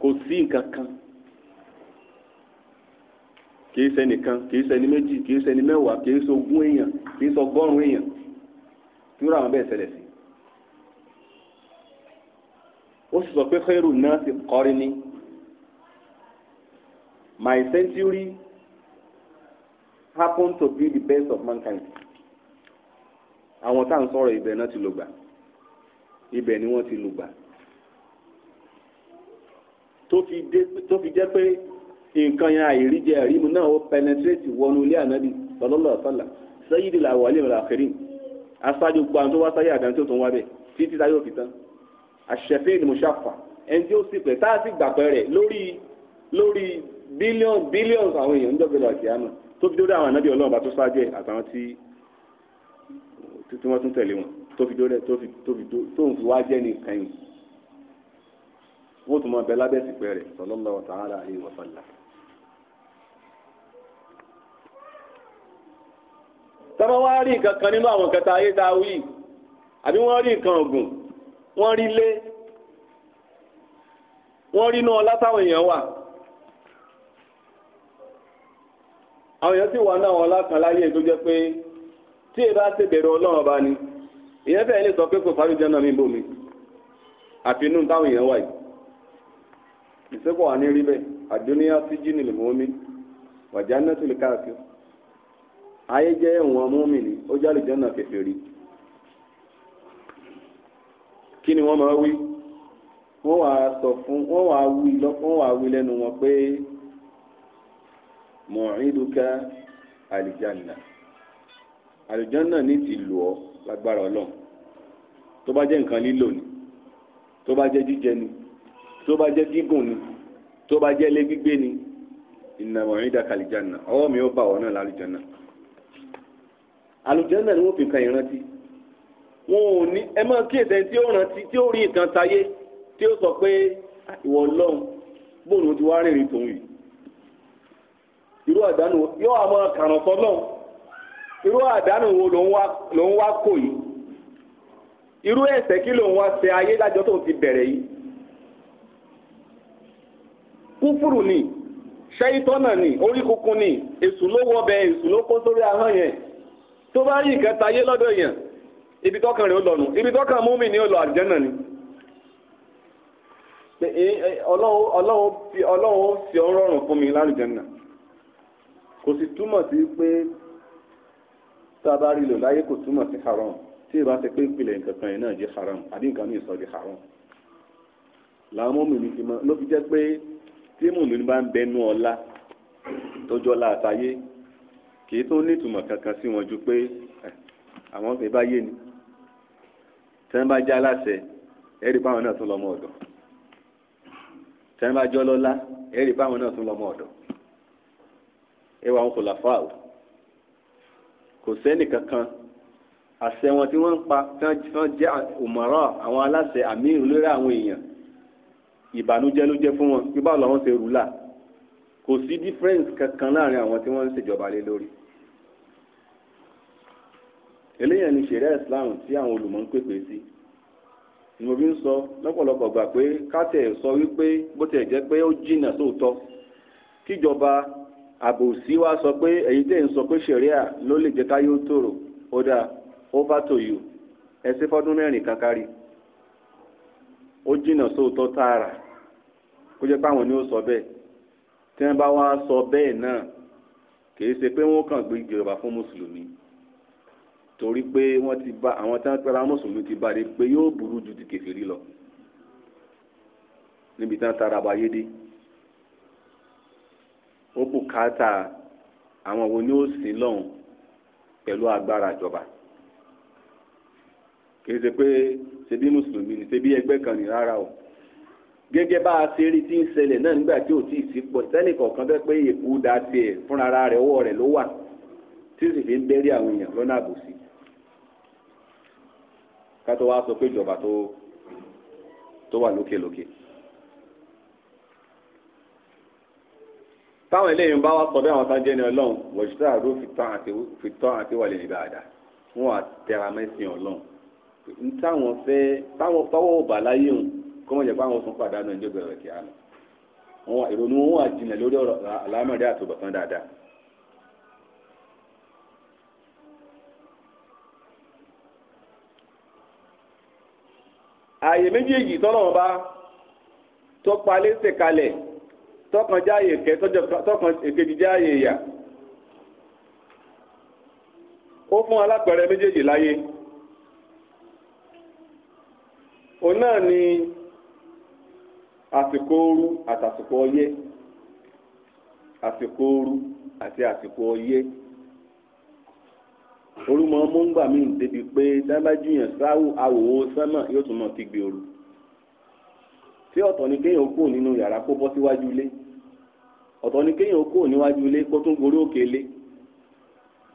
kò sí nǹkan kan kìí ṣe nìkan kìí ṣe ní méjì kìí ṣe ní mẹ́wàá kìí ṣe ogún èèyàn kìí ṣe ọgọ́rùn èèyàn kí wúrà àwọn bẹ́ẹ̀ ṣẹlẹ̀ sí. ó sì sọ pé khairu náà ti kọrin ní my century happen to be the best of mankind àwọn tá à ń sọ̀rọ̀ ibẹ̀ náà ti lùgbà ibẹ̀ ni wọ́n ti lùgbà tó fi jẹ́ pé nǹkan yẹn àìríjẹ àrímu náà ó pẹnẹtírétì wọnú ilé ànábì sallallahu alaihi wasallam sayyidil awwalin wal akhirin aṣáájú gbọ́ àwọn tó wá sáyé àdáńtó tó ń wá bẹ̀ títí táyé òfin tán ash-shafi'il mushaffa ẹni tí ó sì pẹ̀ tá a sì gbàpẹ́ rẹ̀ lórí lórí bílíọ̀nù bílíọ̀nù àwọn èèyàn ń dọ̀gbẹ́ lọ àti àmọ́ tó fi dórí àwọn ànábì ọlọ́run bá tó ṣáájú ẹ̀ àtàwọn tí tí wọ́n tún tẹ̀lé wọn tó fi dórí tó fi tó fi tó ń fi wá jẹ́ ní ìkànnì wọ́n tún máa bẹ lábẹ́ ìsìnkú rẹ̀ sallallahu ta'ala alaihi wa tọ́mọ wá rí nǹkan kan nínú àwọn nǹkan tá ayé tá a wí àbí wọ́n rí nǹkan ọ̀gùn wọ́n rí lé wọ́n rí iná látàwọn èèyàn wà àwọn èèyàn sì wà ní àwọn ọlákan láyé tó jẹ́ pé tí èèyàn bá ṣe ọlọ́run ọba ni èèyàn bẹ́ẹ̀ lè sọ pé kò sáré jẹ́nà mi bòmí àfinú táwọn èèyàn wà yìí ìṣẹ́kọ̀ wà ní rí bẹ́ẹ̀ àdúnyá sí jíìnì lè mọ́ mi wàjá náà tún lè káàkiri ayé jẹ́ ẹ̀wọ̀n múmìnì ó jẹ́ àlùjànnà kèfèrí kí ni wọ́n máa wí wọ́n wàá sọ fún wọ́n wàá wí lọ́pọ̀ wọ́n wí lẹ́nu wọn pé mọ̀ọ́ìdùkà àlùjànnà àlùjànnà ní ti lù ọ́ lágbára ọlọ́run tó bá jẹ́ nǹkan lílò ni tó bá jẹ́ jíjẹ ni tó bá jẹ́ gígùn ni tó bá jẹ́ ilé gbígbé ni ìnàmọ̀ọ́ìdàkà àlùjànnà ọwọ́ mi ó bà wọ́n náà lálùjànnà àlùjànnà ni wọ́n fi kan ìrántí wọn ò ní ẹ máa kíyèsí ẹni tí ó rántí tí ó rí nǹkan táyé tí ó sọ pé ah, ìwọ Ọlọ́run bóun ti wá rìnrìn tòun yìí irú àdánù yóò wá máa kàràn sọ́nà irú àdánù wo ló ń wá kò yìí irú ẹ̀ṣẹ̀ kí ló ń wá ṣe ayé lájọ tó ti bẹ̀rẹ̀ yìí kúfùrù ni ṣẹ́yítọ́nà ni orí kunkun ni èṣù ló wọ́ bẹ èṣù ló kó sórí ahọ́n yẹn tó bá rí ìkẹta ayé lọ́dọ̀ èèyàn ibi tọ́kàn rẹ̀ ó lọ́nu ibi tọ́kàn múmi ni ó lọ àlùjànnà ni ọlọ́run fi ọ́ rọrùn fún mi lálùjànnà kò sì túmọ̀ sí pé tá a bá rí lò láyé kò túmọ̀ sí haram tí ìbá ṣe pé ìpìlẹ̀ nǹkan kan yẹn náà jẹ́ haram àbí nǹkan mìíràn sọ di haram làwọn mọ̀mìnì fi mọ́ ló fi jẹ́ pé tí mọ̀mìnì bá ń bẹnu ọ̀la tọjọ́ la àtàyé kì í tún nítumọ̀ kankan sí wọn ju pé àwọn fẹ́ bá yé ni tẹ́ni bá jẹ́ aláṣẹ ẹ̀rí pàwọn náà tún lọ́mọ ọ̀dọ̀ tẹ́ni bá jọ́ lọ́lá ẹ̀rí pàwọn náà tún lọ́mọ ọ̀dọ̀ ẹ wọn kò làfà o kò sẹ́ni kankan àṣẹ wọn tí wọ́n ń pa tí wọ́n jẹ́ òmọ̀ràn àwọn aláṣẹ àmì ìrúlérà àwọn èèyàn ìbànújẹ́ ló jẹ́ fún wọn bí báwo làwọn ṣe rúlà kò sí difference kankan láàrin àwọn tí wọ́n ń ṣèjọba lé lórí eléyàn ni ṣẹ̀ríà Islam tí àwọn olùmọ̀ ń pèpè sí ni mo kpe ń sọ lọ́pọ̀lọpọ̀ gbà pé kátẹ̀ sọ wípé bó pe jẹ́ pé ó jìnnà sóòótọ́ kíjọba àbòsí wa sọ pé èyí tẹ̀ ń sọ pé ṣẹ̀ríà ló lè jẹ́ káyé tòrò ó dáa to you ẹ fọ́dún mẹ́rin kankari ó jìnnà sóòótọ́ tààrà kó jẹ́ pé àwọn ni ó sọ bẹ́ẹ̀ tí wọ́n bá wá sọ bẹ́ẹ̀ náà kì í ṣe pé wọ́n kàn gbé ìjọba fún mùsùlùmí torí pé wọ́n ti bá àwọn tí wọ́n pẹ́ra mùsùlùmí ti bá rí pé yóò burú ju ti kèfèrí lọ níbi tí wọ́n tara bá yé dé ó bùkátà àwọn wo ni ó sìn lọ́hùn pẹ̀lú agbára ìjọba kìí ṣe pé ṣebí mùsùlùmí ni ṣebí ẹgbẹ́ kan ní rárá o gẹ́gẹ́ bá a ṣe rí tí ń ṣẹlẹ̀ náà nígbà tí ò tí ì sí pọ̀ sẹ́nì kọ̀ọ̀kan bẹ́ẹ̀ pé èkó da tiẹ̀ fúnra rẹ̀ ọwọ́ rẹ̀ ló wà tí sì fi ń bẹ́rí àwọn èèyàn lọ́nà àbòsí kátó wá sọ pé ìjọba tó tó wà lókè lókè. táwọn eléyìí ń bá wá sọ bí àwọn sáńjẹ́ ni ọlọ́run wọ̀ṣítà àdó fi tán àti wà lè nígbà àdá wọn à tẹra mẹ́sìn ọlọ́run táwọn fẹ́ táwọn tọwọ́ ò bá láyé òun kó mọ̀ jẹ́ pé àwọn sùn pàdánù ẹ̀jẹ̀ bẹ̀rẹ̀ kíá lọ. ìrònú wọn wà jìnnà lórí ọ̀rọ̀ àlámọ̀dé àtúbọ̀tán dáadáa. ààyè méjèèjì tọ́lọ́wọ́n bá tó palẹ́ ṣe kalẹ̀ tọkàn jáàyè kẹ tọkàn èkejì jáàyè yà ó fún alápẹ̀rẹ̀ méjèèjì láyé ni àsìkò ooru àtàsìkò orúmọ mọ́ngbà mi ń débi pé dábàjú yẹn sáwù awòwò sánmà yóò tún máa kígbe ooru tí ọ̀tọ̀ ni kéèyàn kó nínú yàrá kó bọ́ síwájú ilé ọ̀tọ̀ ni kéèyàn kó níwájú ilé kó tún gorí òkè ilé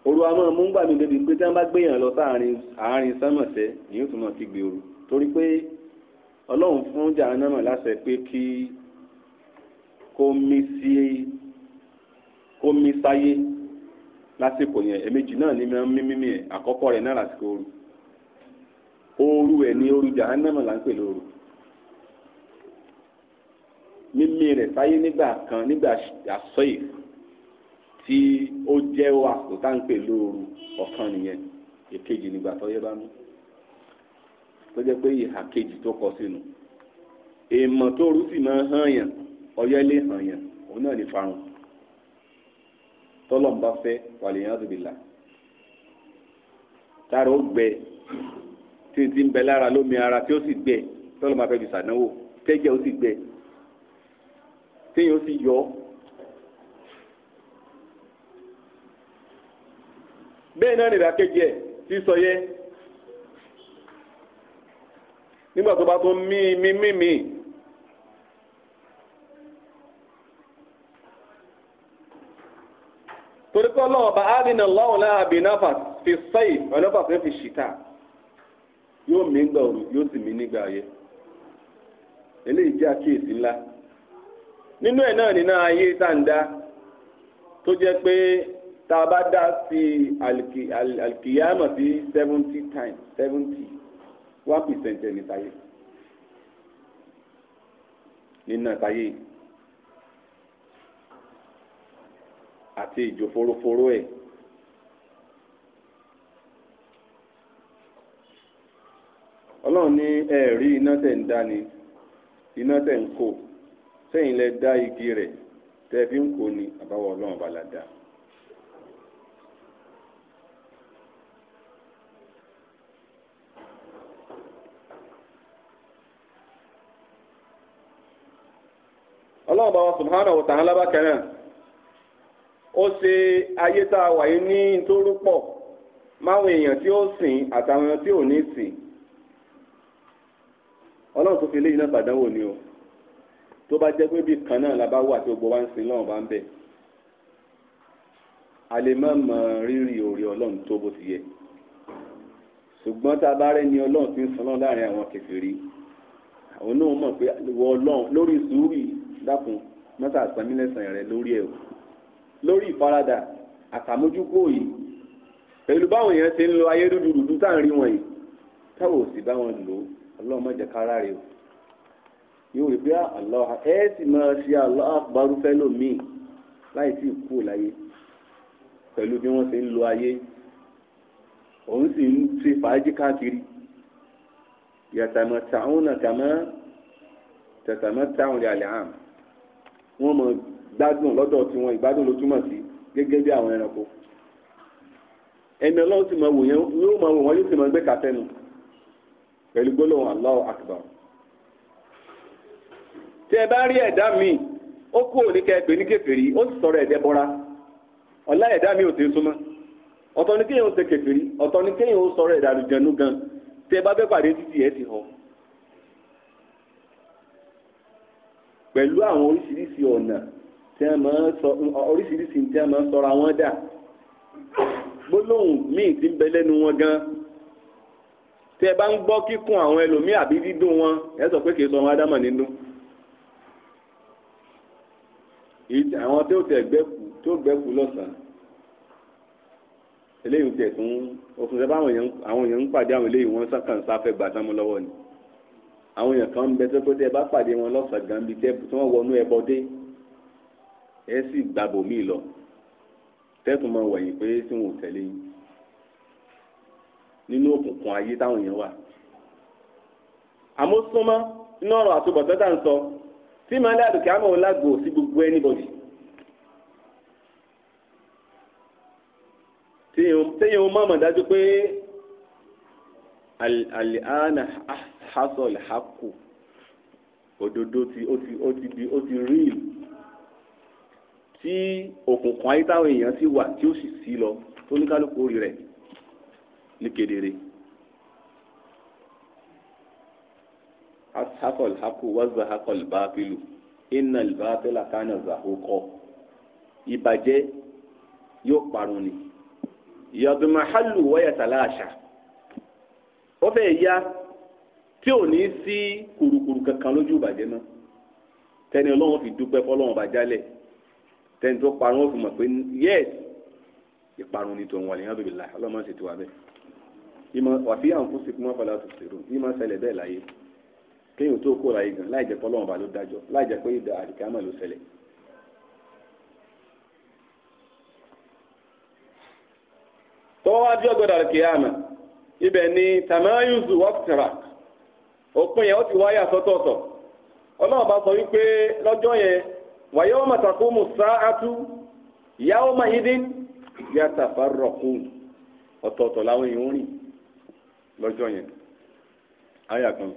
ooru àmọ́ mọ́ngbà mi débi pé tí wọ́n bá gbéyàn lọ sáàrin àárín sánmà sẹ́ yóò tún máa kígbe ooru torí pé ọlọ́run fún jahannama láṣẹ pé kí kó mí sí kó mí sáyé. lásìkò yẹn ẹ̀mejì náà ní mímímí ẹ̀ àkọ́kọ́ rẹ̀ náà lásìkò ooru ooru ẹ̀ ní ooru jahannama là ń pè lóru mímí rẹ̀ sáyé nígbà kan nígbà àsọyè tí ó jẹ́ àsìkò tá ń pè lóru ọ̀kan nìyẹn èkejì nígbà yẹ bá mú tó jẹ́ pé ìhà kejì tó kọ sínú èèmọ̀ tó rú sì máa ń hàn yàn ọyẹ́lé hàn yàn òun náà ní farun. tọ́lọ́n bá fẹ́ wàlíyàn àdùbìlà tára ó gbẹ tí n ti ń bẹ lára lómi ara tí ó sì gbẹ tọ́lọ́n bá fẹ́ fi sànáwó tẹ́jẹ́ ó sì gbẹ téèyàn ó sì yọ ọ́. náà nìdákejì ẹ̀ ti sọ yẹ nígbà tó bá tó mí mí mí mí. torí pé ọlọ́wọ́ bá àdínà lọ́wọ́ náà àbí náfà fi sẹ́yìn ọlọ́fà fẹ́ fi ṣìkà yóò mí gbà òru yóò sì mí nígbà ayé eléyìí jẹ́ àkíyèsí ńlá nínú ẹ̀ náà nínú ayé tá à ń dá tó jẹ́ pé tá a bá dá sí àlìkìyàmọ̀ sí seventy times seventy one percent ẹ̀ nítayé nínú àtayé yìí. àti ìjò foroforo ẹ̀. ọlọ́run ní ẹ̀ẹ̀rí iná tẹ̀ ń dá iná tẹ̀ ń kó sẹ́yìn lẹ dá igi rẹ̀ tẹ́ fi ń kó ni àbáwọ̀ ọlọ́run bá la dá. ọlọ́run bá wa subhanahu wa ta'ala bá kẹ́rẹ́. ó ṣe ayé tá a wà yìí ní nítorí pọ̀ máwọn èèyàn tí ó sìn àtàwọn èèyàn tí ò ní sìn ọlọ́run tó fi léyìn náà ṣàdánwò ni o tó bá jẹ́ pé bí kan náà la bá wà tí gbogbo wa ń sìn lọ́wọ́ bá ń bẹ̀ a lè má mọ rírì òrì ọlọ́run tó bó ti yẹ ṣùgbọ́n tá a bá rẹ́ni ọlọ́run tí ń san náà láàrin àwọn kèfèrí àwọn náà mọ̀ pé wọ ọlọ́run lórí sùúrù dákun mọ́tà àtàmílẹ̀sàn rẹ lórí ẹ̀ lórí ìfaradà àtàmójúkú òyì pẹ̀lú báwọn èèyàn ṣe ń lo ayé dúdú dúdú tá à ń rí wọn yìí táwọn ò sì bá wọn lò ó ọlọ́run má jẹ́ kára rè o yóò rí bí ah, Allah ẹ sì máa ṣe Allah àgbárúfẹ́ lómìn láì tí ì kú láyé pẹ̀lú bí wọ́n ṣe ń lo ayé òun sì ń ṣe fàájì káàkiri yàtàmọ̀ tàwọn nàkàmọ́ tàtàmọ́ táwọn rẹ̀ àlẹ́ àmọ́ wọ́n mọ̀ gbádùn lọ́dọ̀ tiwọn ìgbádùn ló túmọ̀ sí gẹ́gẹ́ bí àwọn ẹranko ẹni ọlọ́run sì máa wò yẹn máa wò wọ́n yóò sì máa gbé nu. pẹ̀lú gbólóhùn Allahu Akbar tí ẹ bá rí ẹ̀dá ó kú òní pè ní ó sì sọ̀rọ̀ ẹ̀dẹ́ bọ́ra mi ò ti súnmọ́ ọ̀tọ̀ ni kéèyàn ó ṣe ọ̀tọ̀ ni kéèyàn ó gan tí ẹ bá bẹ́ pàdé títì ẹ̀ ti hàn pẹ̀lú àwọn oríṣiríṣi ọ̀nà tí wọ́n máa sọ oríṣiríṣi tí wọ́n máa sọra wọn dà gbólóhùn míì tí ń bẹ lẹ́nu wọn gan tí ẹ bá ń gbọ́ kíkùn àwọn ẹlòmíì àbí dídùn wọn ẹ sọ pé kì í sọ wọn ádámọ̀ nínú àwọn tí ó tẹ̀ gbẹ́kù tí ó gbẹ́kù lọ́sàn-án eléyìí tẹ̀ tún òfin sẹ́fà àwọn èèyàn ń pàdé àwọn eléyìí wọ́n kàn sáfẹ́ gbà sánmú lọ́wọ́ ni àwọn èèyàn kan ń bẹ tó pé tẹ́ ẹ bá pàdé wọn lọ́sàn-án gan bíi tẹ́ tí wọ́n wọnú ẹbọ dé ẹ sì gbàbò mí lọ tẹ́tùn máa wẹ̀yìn pé tí wọn ò tẹ̀lé yín nínú òkùnkùn ayé táwọn èèyàn wà. àmọ́ súnmọ́ iná ọ̀rọ̀ àtúbọ̀tán tá à ń sọ tí màá lé àdùkẹ́ àmọ́ lágbo sí gbogbo anybody. téèyàn ó mọ̀mọ̀ dájú pé àlìhánà hasọ̀ lè hákù òdodo ó ti rí ìlú tí òkùnkùn ayé táwọn èèyàn sì wà tí ó sì sí lọ tó ní kálukú orí rẹ̀ ní kedere. hakol hako wazza hakol baapilu inna albaatila kana zahuko ìbàjẹ́ yóò parun ni yadmahalu wayatalasha ó fẹ́ ya tí ò ní sí kùrùkùrù kankan lójú ìbàjẹ́ náà tẹni ọlọ́run fi dúpẹ́ fọlọ́run bá tẹ́ni tó parun ó fi mọ̀ pé yes ìparun ni tòun wà lẹ́yìn àdúgbò láì ọlọ́mọ sì ti wà bẹ́ẹ̀ ìmọ̀ wàfí àǹfó sì fún ọ̀fọ̀lá tó ṣèrò ìmọ̀ ṣẹlẹ̀ bẹ́ẹ̀ láyé kéèyàn tó kó láyé gan láì jẹ́ pé ọlọ́run bá ló dájọ́ láì jẹ́ pé ìdá àdìkámọ̀ ló ṣẹlẹ̀. tọ́wọ́ adé ọgbọ́dọ̀ àdìkámọ̀ ibẹ̀ ni tamayuzu waqtirak òpin yẹn ó ti wáyà sọ́tọ̀ọ̀tọ̀ ọlọ́run sọ wípé lọ́jọ́ yẹn wa yawma taqumu sa'atu yawma idin yatafarraqun ọ̀tọ̀ọ̀tọ̀ làwọn èèyàn rìn lọ́jọ́ yẹn àyà kan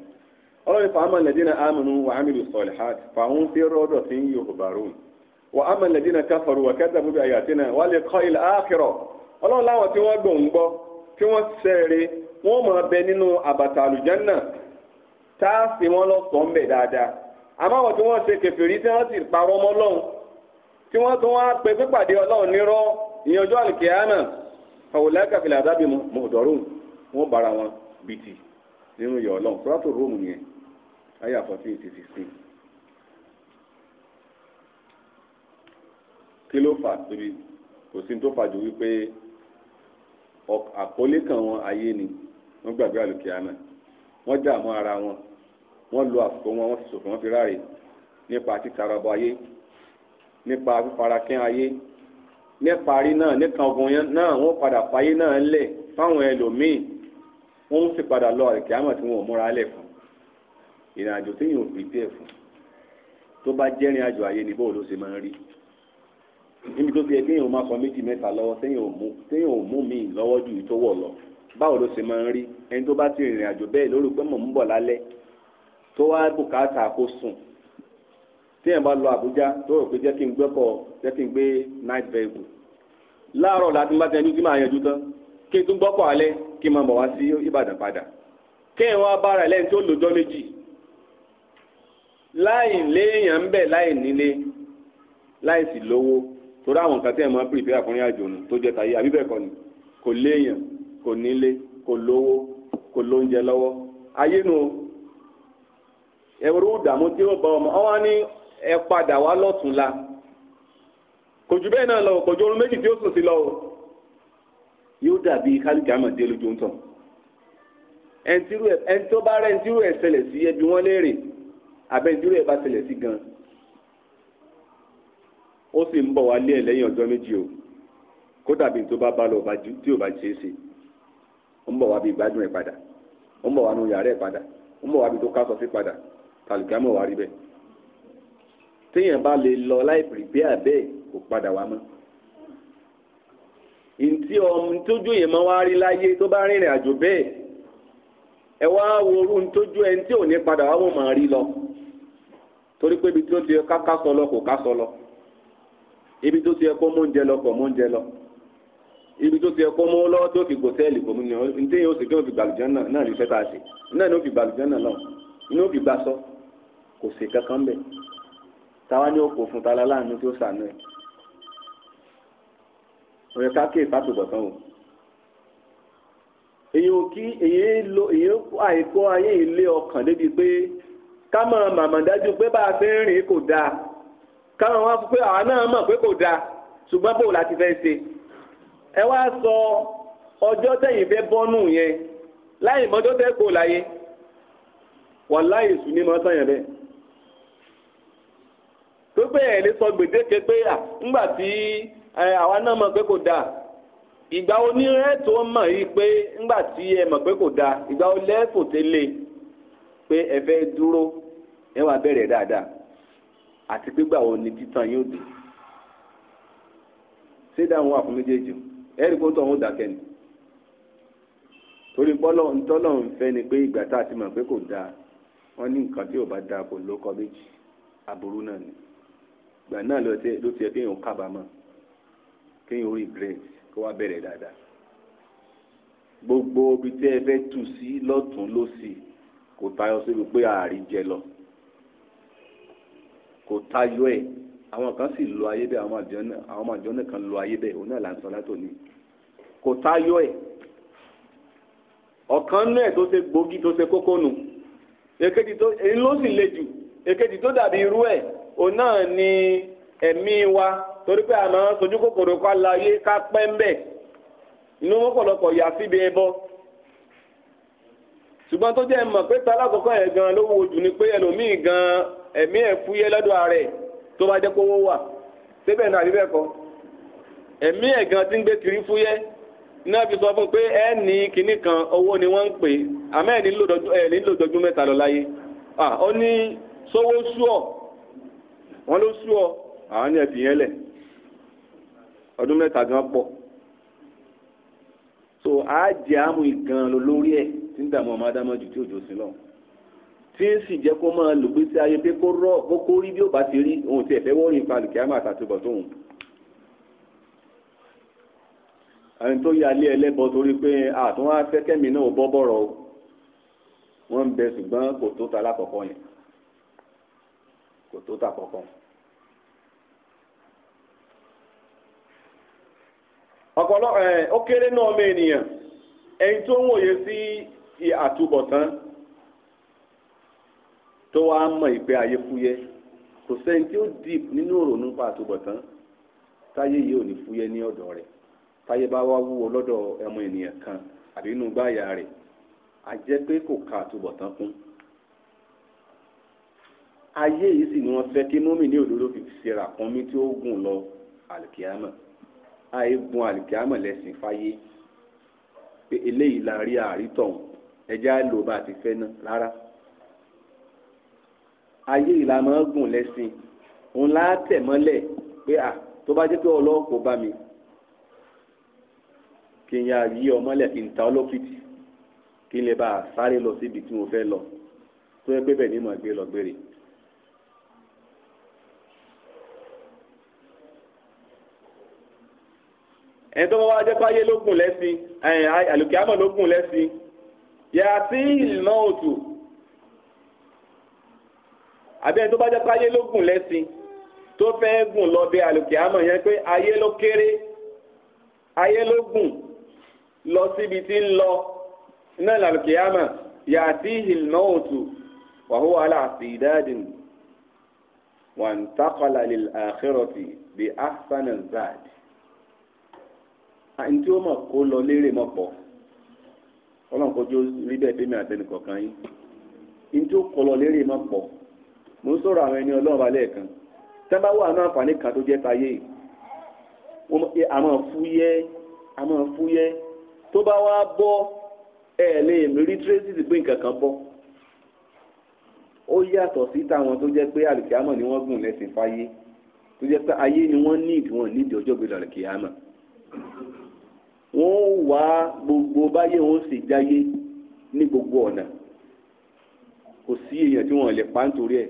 ọlọ́run fa ama alladhina amanu wa amilu salihat fàwọn fi radatin yuhbarun wa ama alladhina kafaru wa kadhabu bi ayatina wa liqa'il akhirah ọlọ́run láwọn tí wọ́n gbọ̀n gbọ́ tí wọ́n sẹ́ẹ̀rẹ́ wọ́n máa bẹ nínú àbàtà àlùjánná tá a fi wọ́n lọ sọ̀ ń bẹ̀ dáadáa àmọ́ àwọn tí wọ́n ṣe kèfèrí tí wọ́n sì parọ́ mọ́ lọ́hùn tí wọ́n tún wá pe pípàdé ọlọ́run nírọ́ ìyẹn ọjọ́ àlùkìyàmà fàwọlẹ́kà fìlà àdábì mọ̀ọ́dọ́rùn wọn bára wọn bìtì nínú ìyà ọlọ́run sọ́tò róòmù yẹn ayé fourteen to sixteen. kí ló fà síbi kò sí tó fà ju wípé àkọlé kan wọn ayé ni wọ́n gbàgbé àlùkìyàmà wọ́n dààmú ara wọn wọ́n lo àsìkò wọn wọ́n sì ṣòfò wọ́n fi ráre nípa títara bọ ayé nípa fífarakín ayé nípa rí náà nípa ogun yẹn náà wọ́n padà fàyè náà lẹ̀ fáwọn ẹlòmíì wọ́n sì padà lọ àrẹ̀kẹ́ àmọ̀ tí wọn ò múra lẹ̀ fún ìrìnàjò téèyàn ò pèpè ẹ̀ fún tó bá jẹ́rìn àjò ayé ni bóòlù ló ṣe máa ń rí níbi tó fi ẹ téèyàn máa sọ méjì mẹ́ta lọ́wọ́ téèyàn ò mú mi lọ́wọ́ ju ìtówọ̀ lọ báwo ló ṣe máa ń rí ẹni tó bá ti rìnrìn àjò bẹ́ẹ̀ lórí pé mò ń bọ̀ lálẹ́ tó wá bùkátà kó sùn téèyàn bá lọ Àbújá tó rò pé jẹ́ kí n gbẹ́kọ̀ jẹ́ kí n gbé night vehicle láàárọ̀ láti bá ti yanjú tí màá yanjú tán kí n tún gbọ́kọ̀ alẹ́ kí n máa bọ̀ wá sí Ìbàdàn padà kéèyàn wá bára ẹ̀ lẹ́yìn tí ó lòjọ́ méjì láì léèyàn bẹ̀ láì nílé láì sì lówó torí àwọn nǹkan tí ẹ̀ máa ń pèpè àkùnrin àjò nù tó jẹ́ tàyé àbí bẹ́ẹ̀ kọ́ ni kò léèyàn kò nílé kò lówó kò lóúnjẹ lọ́wọ́ ayé nu ẹrú ìdààmú tí ó bá ọmọ ọ wá ní ẹ padà wá lọ́túnla kò jù bẹ́ẹ̀ náà lọ kò ju orun méjì tí ó sùn sí lọ o yóò dàbí kálíkì àmọ̀dé lójú ń tàn tó bá rẹ ẹni tí ó rẹ ṣẹlẹ̀ sí ẹbí wọn léèrè abẹ́ ẹni tí ó rẹ bá ṣẹlẹ̀ sí gan ó sì ń bọ̀ wá lé ẹ̀ lẹ́yìn ọjọ́ méjì o kó dàbí tó bá bá lọ tí ò bá ṣe é ṣe ó ń bọ̀ wá bí gbádùn ẹ̀ padà ó ń bọ̀ wá nu yàrá ẹ̀ padà ó ń bọ̀ wá bí tó ká sí padà tàlùgámọ̀ wá rí bẹ́ẹ̀ téèyàn bá lè lọ láì pìrìpéà bẹ́ẹ̀ kò padà wá mọ́ ntí ọmọ ntójú yẹn máa wá rí láyé tó bá rìnrìn àjò bẹ́ẹ̀ ẹ wá worú ntójú ẹ ntí ò ní padà wá wọ́n máa rí lọ torí pé ibi tó ti ká ká sọ lọ kò ká sọ lọ ibi tó ti yẹ kó móúnjẹ lọ kò móúnjẹ lọ ibi tó ti yẹ kó mú lọ́wọ́ tó fi gòtẹ́ẹ̀lì kò mú ni ntẹ́yìn ó sì kí wọ́n fi gbàlùjẹ́ náà náà ní fẹ́ tá ṣe náà ní ó fi gbàlùjẹ́ náà lọ ní ó fi gbà sọ kò sí kankan bẹ̀ táwa ní òkò fún tala láàánú tí ó sànú ẹ̀ ọ̀rẹ́ káàkiri ìfàtòbọ̀tán o èyí ò kí èyí lo èyí àìkọ́ ayé ilé ọkàn débi pé ká mọ̀ màmá dájú pé bá a fẹ́ rìn kò dáa ká mọ̀ wá fún pé àwa náà mọ̀ pé kò dáa ṣùgbọ́n bò láti fẹ́ ṣe ẹ wá sọ ọjọ́ tẹ̀yìn fẹ́ bọ́nù yẹn láì mọ́jọ́ tẹ́ kò láyé wàláyé sùn ní mọ́tàn yẹn bẹ́ẹ̀. tó bẹ́ẹ̀ lè sọ gbèdéke pé à ńgbà tí àwa náà mọ̀ pé kò dáa ìgbà wo ní ẹ tó mọ̀ yìí pé ńgbà tí ẹ mọ̀ pé kò dáa ìgbà wo lẹ́fò tẹ́lẹ̀ pé ẹ fẹ́ dúró ẹ bẹ̀rẹ̀ dáadáa àti pé gbà wo ni títàn yóò dé ṣé dáhùn wà fún méjèèjì ẹ rí kó tọ̀hún ni torí ń fẹ́ ni pé ìgbà tá ti mọ̀ pé kò dáa wọ́n ní nǹkan tí ò bá dáa kò ni. gbà náà ló ti yẹ kéèyàn kábàámọ̀ kéèyàn orí regret kó wá bẹ̀rẹ̀ dáadáa gbogbo ibi tí ẹ fẹ́ tù sí lọ́tún lọ́sì kò tayọ síbi pé ààrí jẹ lọ kò tayọ ẹ̀ àwọn kan sì lo ayé bẹ́ẹ̀ àwọn àjọ náà àwọn àjọ náà kan lo ayé bẹ́ẹ̀ òun náà là ń sọ látòní kò tayọ ẹ̀ ọ̀kan náà ẹ̀ tó ṣe gbòógì tó ṣe kókó nù èkejì tó èyí ló sì le jù èkejì tó dàbí irú ẹ̀ òun náà ni ẹ̀mí wa torí pé àmọ́ sojú kòkòrò kọ́ láyé ká pẹ́ ń bẹ̀ inú mọ́pọ̀lọpọ̀ yà síbi ẹbọ ṣùgbọ́n tó jẹ́ mọ̀ pé tala kọ̀ọ̀kan ẹ̀ gan ló wo jù ni pé ẹlòmíì gan ẹ̀mí ẹ̀ fúyẹ́ lọ́dọ̀ ààrẹ tó bá jẹ́ kówó wà síbẹ̀ náà àbí bẹ́ẹ̀ kọ́ ẹ̀mí ẹ̀ gan ti ń gbé kiri fúyẹ́ náà fi sọ fún pé ẹ ní kinní kan owó ni wọ́n ń pè àmọ́ ẹ̀ nílò dọ́jú mẹ́ta lọ láyé ó ní sówó sùọ́ wọ́n ló sú ọ àwọn ní ẹbí yẹn lẹ̀ ọdún mẹ́ta gan pọ̀ so àájẹ àmú ìgan lórí ẹ̀ tí ń dààmú ọmọ adámọ́jú tí òjò sí lọ tí ń sì jẹ́ kó máa lò gbèsè ayé pé kó rọ̀ bó kó rí bí ó bá ti rí òun ti ẹ̀fẹ́ wọ́ọ̀rì ìfalù kí á máa tàtúbọ̀ tóun. ẹni tó yà lé ẹlẹ́bọ torí pé àtúnwá fẹ́kẹ́mi náà bọ́ bọ̀rọ̀ o wọ́n ń bẹ ṣùgbọ́n kò tó ta lákọ̀ọ́kọ́ yẹn kò tó ta kọ̀ọ̀kan. ọ̀pọ̀lọ ẹ̀ ó kéré náà ọmọ ènìyàn ẹni tó ń wòye sí àtúbọ̀tán tó wá mọ̀ ìpè ayé kò sẹ́ni tí ó dìp nínú òrònú pa àtúbọ̀tán táyé yìí ò ní fúyẹ́ kan àbí inú rẹ̀ a jẹ́ ka àtúbọ̀tán kún. ayé yìí sì ni wọ́n fẹ́ kí mọ́mì ní òdodo fi ṣe ràkúnmí tí ó gùn lọ àlìkíámà àìgun àlìkíámà lẹ́sìn fáyé pé eléyìí la rí àrítọ̀hún ẹjẹ́ á lò bá a ti fẹ́ ná rárá ayé yìí la máa gùn lẹ́sìn òun la tẹ̀ mọ́lẹ̀ pé à tó bá jẹ́ pé ọlọ́wọ́ bá mi kí n yà yí ọmọlẹ̀ kí n ta ọlọ́kìtì kí n lè bá a sáré lọ síbi tí mo fẹ́ lọ tó yẹ pé bẹ́ẹ̀ ni mo gbé lọ gbére. ẹni tó bá wá jẹ́ fáyé lógún lẹ́sìn àlùkìámọ̀ lógún lẹ́sìn yàtí ìlànà òtù àbí ẹni tó bá jẹ́ fáyé lógún lẹ́sìn tó fẹ́ gùn lọ bẹ àlùkìámọ̀ yẹn pé ayé ló kéré ayé ló gùn lọ síbi tí ń lọ náà làlùkìámọ̀ yàtí ìlànà òtù wàhùwà aláàfin ìdádìmù wàǹtàkọ̀lá lil àkhírọ̀tì bí àfààní zaadi. àyìn tí ó mọ̀ kó lọ lérè mọ̀ pọ̀ ọlọ́run kojú rí bẹ́ẹ̀ fẹ́mi àtẹnìkọ̀ọ̀kan yín àyìn tí ó kọ lọ lérè mọ̀ pọ̀ mò ń sọ̀rọ̀ àwọn ẹni ọlọ́run balẹ̀ kan tẹ́ bá wà ní àǹfààní kan tó jẹ́ fayé àmọ́ fúyẹ́ àmọ́ fúyẹ́ tó bá wá bọ́ ẹ lè rí tracy nǹkan kan bọ́ ó yàtọ̀ sí táwọn tó jẹ́ pé ni wọ́n wọ́n wá gbogbo báyé wọ́n sì jáyé ní gbogbo ọ̀nà kò sí èèyàn tí wọ́n lè pa nítorí ẹ̀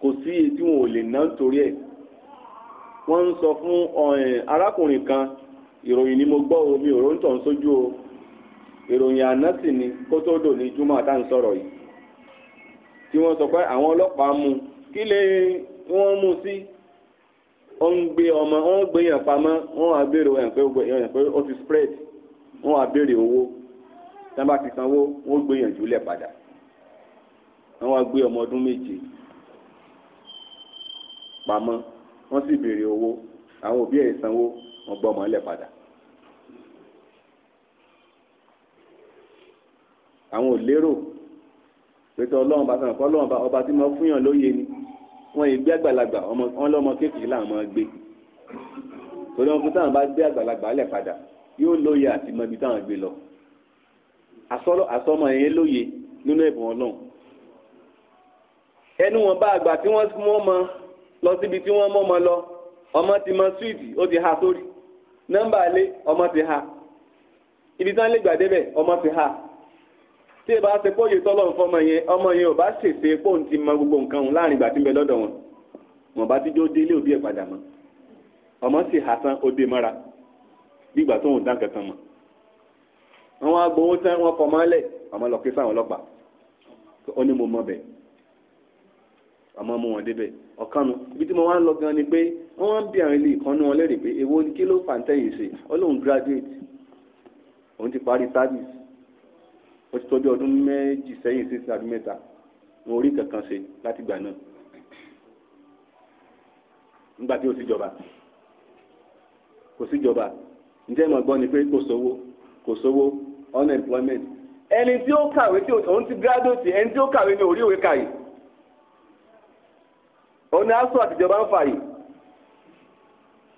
kò sí èyí tí wọ́n ò lè ná nítorí ẹ̀ wọ́n ń sọ fún eh, arákùnrin kan ìròyìn ni mo gbọ́ o mi ò róńtọ̀ ń sójú o ìròyìn àná sì ni kó tó dò ní júmọ́ àtà ń sọ̀rọ̀ yìí tí wọ́n sọ pé àwọn ọlọ́pàá mú kí lè wọ́n mú sí. Si ó ń gbé ọmọ ó ń gbé yàn pamọ́ wọ́n á béèrè yàn pé yàn pé ó ti spread wọ́n á béèrè owó tí wọ́n bá ti sanwó wọ́n gbé yàn jùlẹ̀ padà wọ́n á gbé ọmọ ọdún méje pamọ́ wọ́n sì béèrè owó àwọn òbí ẹ̀ sanwó wọ́n gbọ́ ọmọ ẹlẹ̀ padà. àwọn ò lérò pé tí ọlọ́run bá sọ̀rọ̀ kọ́ ọlọ́run ọba tí mo fún yàn lóye ni wọn yìí gbé àgbàlagbà wọn lọ́mọ kékeré làwọn máa gbé torí wọn kú táwọn bá gbé àgbàlagbà lẹ̀ padà yóò lóye àti mọ ibi táwọn gbé lọ àsọmọ yẹn lóye nínú ẹ̀bùn ọlọ́run ẹnu wọn bá àgbà tí wọ́n mọ́ ọmọ lọ síbi tí wọ́n mọ́ ọmọ lọ ọmọ ti mọ súwìtì ó ti ha sórí nọ́mbà lé ọmọ ti ha ibi tí wọ́n lè gbà débẹ̀ ọmọ ti ha tí ìbá ṣe kóyè tọ́lọ̀ fọmọ yẹn ọmọ yẹn ò bá ṣèṣe pò ń ti mọ gbogbo nǹkan òun láàrin ìgbà tí ń bẹ lọ́dọ̀ wọn wọn bá ti jó dé ilé òbí ẹ̀ padà mọ́ ọmọ sì há tán ó dé mọ́ra bí ìgbà tó ń dán kankan mọ́ àwọn agbowó tán wọn kọ mọ́lẹ̀ ọmọ lọ kí sáwọn ọlọ́pàá ó ní mo mọ bẹ́ẹ̀ ọmọ mú wọn débẹ̀ ọ̀kanu ibi tí mo wá ń lọ gan ni pé wọ́n ń bí àwọn ilé ìkànnì wọn lérè pé èwo ni kí ló fà ń tẹ̀yìn ṣe ó graduate òun ti parí service ó ti tọ́jú ọdún méjì sẹ́yìn sí ọdún mẹ́ta wọn ò rí kankan ṣe láti gbà náà nígbà tí ó sì jọba kò sí jọba ǹjẹ́ ìmọ̀ gbọ́ ni pé kò sówó kò sówó unemployment ẹni tí ó kàwé tí òun ti gírádùtì ẹni tí ó kàwé ni ò rí ìwé kàyè òun ni aṣọ àtijọba ń fà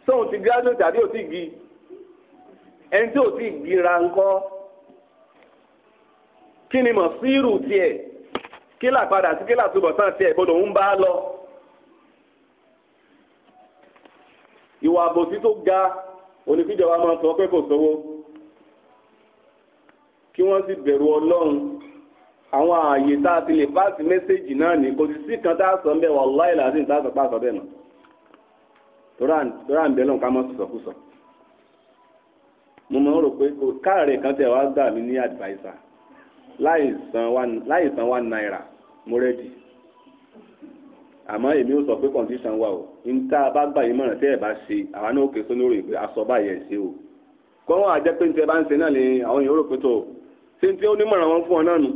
sóun ti gírádùtì àbí ò ti gi ẹni tí ò ti gira ńkọ́ kí ni mọ̀sírù tiẹ̀ kí là padà sí kí là túbọ̀ tán tiẹ̀ gbọ́dọ̀ ń bá lọ. ìwà àbòsí tó ga onífíjọba máa ń sọ pé kò sówó kí wọ́n sì bẹ̀rù ọlọ́run àwọn ààyè tá a ti lè pàṣẹ mẹ́sẹ̀gì náà ní kò sí sí kan tá a sọ mbẹ́ wàláì làásì tá a sọ pàṣọ bẹ́ẹ̀ náà tóra ń bẹ lọ́n ká mọ́ sọ̀sọ̀kúsọ mo máa ń rò pé káàrẹ̀ kan tẹ̀ wá gbà mí ní adviser láì san one naira mo rẹ́dì àmọ́ èmi ò sọ pé condition wà o n tá a bá gbà yín mọ̀ràn tẹ́ ẹ̀ bá ṣe àwa náà ó ké sóní òròyìn pé aṣọ báyìí ẹ̀ ṣe o kọ́wọ́n àjẹ́ pé ní tẹ́ bá ń ṣe náà ni àwọn èèyàn rò pé tó ṣé tí ó ní mọ̀ràn wọn fún ọ náà nù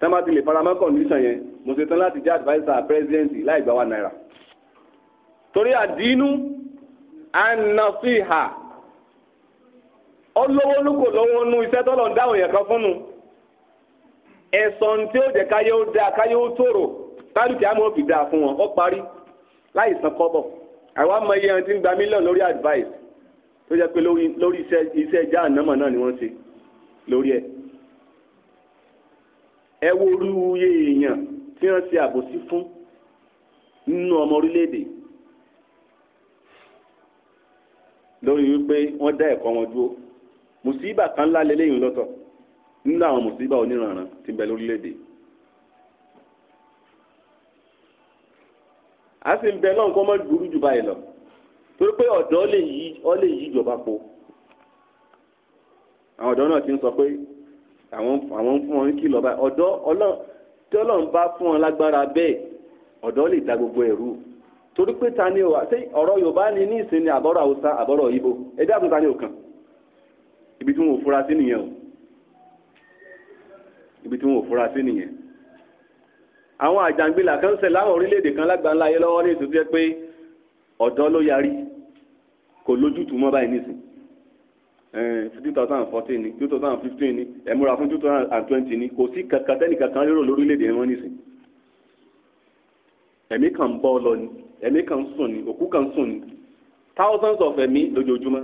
tá a bá ti lè fara mọ́ condition yẹn mo ṣe tán láti jẹ́ adviser president láì gbà wá náírà torí àdínú ànàfíhà ọlọ́wọ́ lóko lọ́wọ́ nú iṣẹ́ tọ́lọ̀ ń dáhùn yẹn kan fún nu ẹ̀sán tí ó jẹ́ káyé ó dáa káyé ó tòrò kálukì àmọ́ òbí dáa fún wọn ó parí láì san kọ́bọ̀ àwa mọ iye ẹni tí ń gba mílíọ̀nù lórí advice tó jẹ́ pé lórí iṣẹ́ ìjà ànámọ̀ náà ni wọ́n ṣe lórí ẹ̀ ẹ wo orú iye èèyàn tí wọ́n ṣe àbòsí fún nínú ọmọ orílẹ̀-èdè lórí wípé wọ́n dá ẹ̀kọ́ wọn dúró mùsíbà kan ńlá lélẹ́yìn lọ́tọ̀ nínú àwọn mùsíbà oníranran tí ń bẹ lórílẹ̀‐èdè. a sì ń bẹ náà kó má burú jù báyìí lọ torí pé ọ̀dọ́ lè yí ọ lè yí ìjọba po àwọn ọ̀dọ́ náà ti ń sọ pé àwọn fún wọn kìlọ̀ báyìí ọ̀dọ́ ọlọ́run tí ọlọ́run bá fún wọn lágbára bẹ́ẹ̀ ọ̀dọ́ lè da gbogbo ẹ̀rú torí pé ta ni o ṣé ọ̀rọ̀ yorùbá ni ní ìsinmi àbọ̀rọ̀ haúsá àbọ̀rọ̀ ibo ẹ dákun ta ni o kàn ibi tí wọn ò fura sí nìyẹn o ibi tí wọn ò fura sí nìyẹn àwọn àjàngbìlà kan ń ṣẹ̀ láwọn orílẹ̀-èdè kan lágbàńlá ayé lọ́wọ́ ní ètò tó yẹ pé ọ̀dọ́ ló yarí kò lójútùú mọ́ báyìí nísìn two thousand and fourteen ni two thousand and fifteen ni ẹ fún two thousand and twenty ni kò sí kankan tẹ́nì kankan lérò lórílẹ̀‐èdè wọn nísìn ẹ̀mí kan bọ́ lọ ni ẹ̀mí kan sùn ni òkú kan sùn ni thousands of ẹ̀mí lójoojúmọ́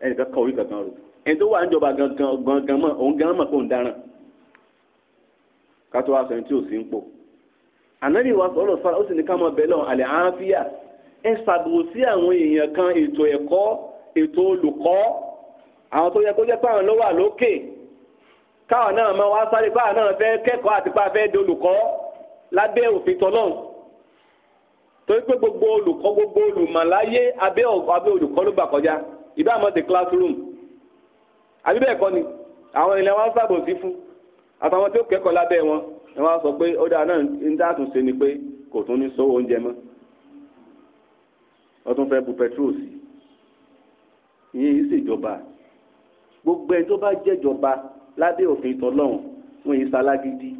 ẹnìkan kọ̀wé kankan rò ẹni tó wà ń jọba gangan mọ̀ òun gan mọ̀ kó ń dáràn kátó wá sẹ́ni tí ò sí ń pò ànábì wa sọ̀rọ̀ sára ó sì ní ká mọ bẹ́ẹ̀ lọ́wọ́ àlẹ́ àáfíà ẹ ṣàbùwò sí àwọn èèyàn kan ètò ẹ̀kọ́ ètò olùkọ́ àwọn tó yẹ kó jẹ́ páwọn ló wà lókè káwọn náà máa wá sáré páwọn náà fẹ́ kẹ́kọ̀ọ́ àti páwọn fẹ́ di olùkọ́ lábẹ́ òfin tọ́lọ́hùn torí pé gbogbo olùkọ́ gbogbo olùmọ̀láyé abẹ́ abẹ́ olùkọ́ ló gbà kọjá ìbá àmọ́ the classroom àbí bẹ́ẹ̀ kọ́ ni àwọn ènìyàn wá sábò sí fún àtàwọn tí ó kẹ́kọ̀ọ́ lábẹ́ wọn ẹ wá sọ pé ó dáa náà ń dá àtúnṣe ni pé kò tún ní sọ oúnjẹ mọ́ wọ́n tún fẹ́ bu petrol sí ìyẹn yìí ṣèjọba gbogbo ẹni tó bá jẹ́jọba lábẹ́ òfin tọlọ́run wọn yìí ṣalágídí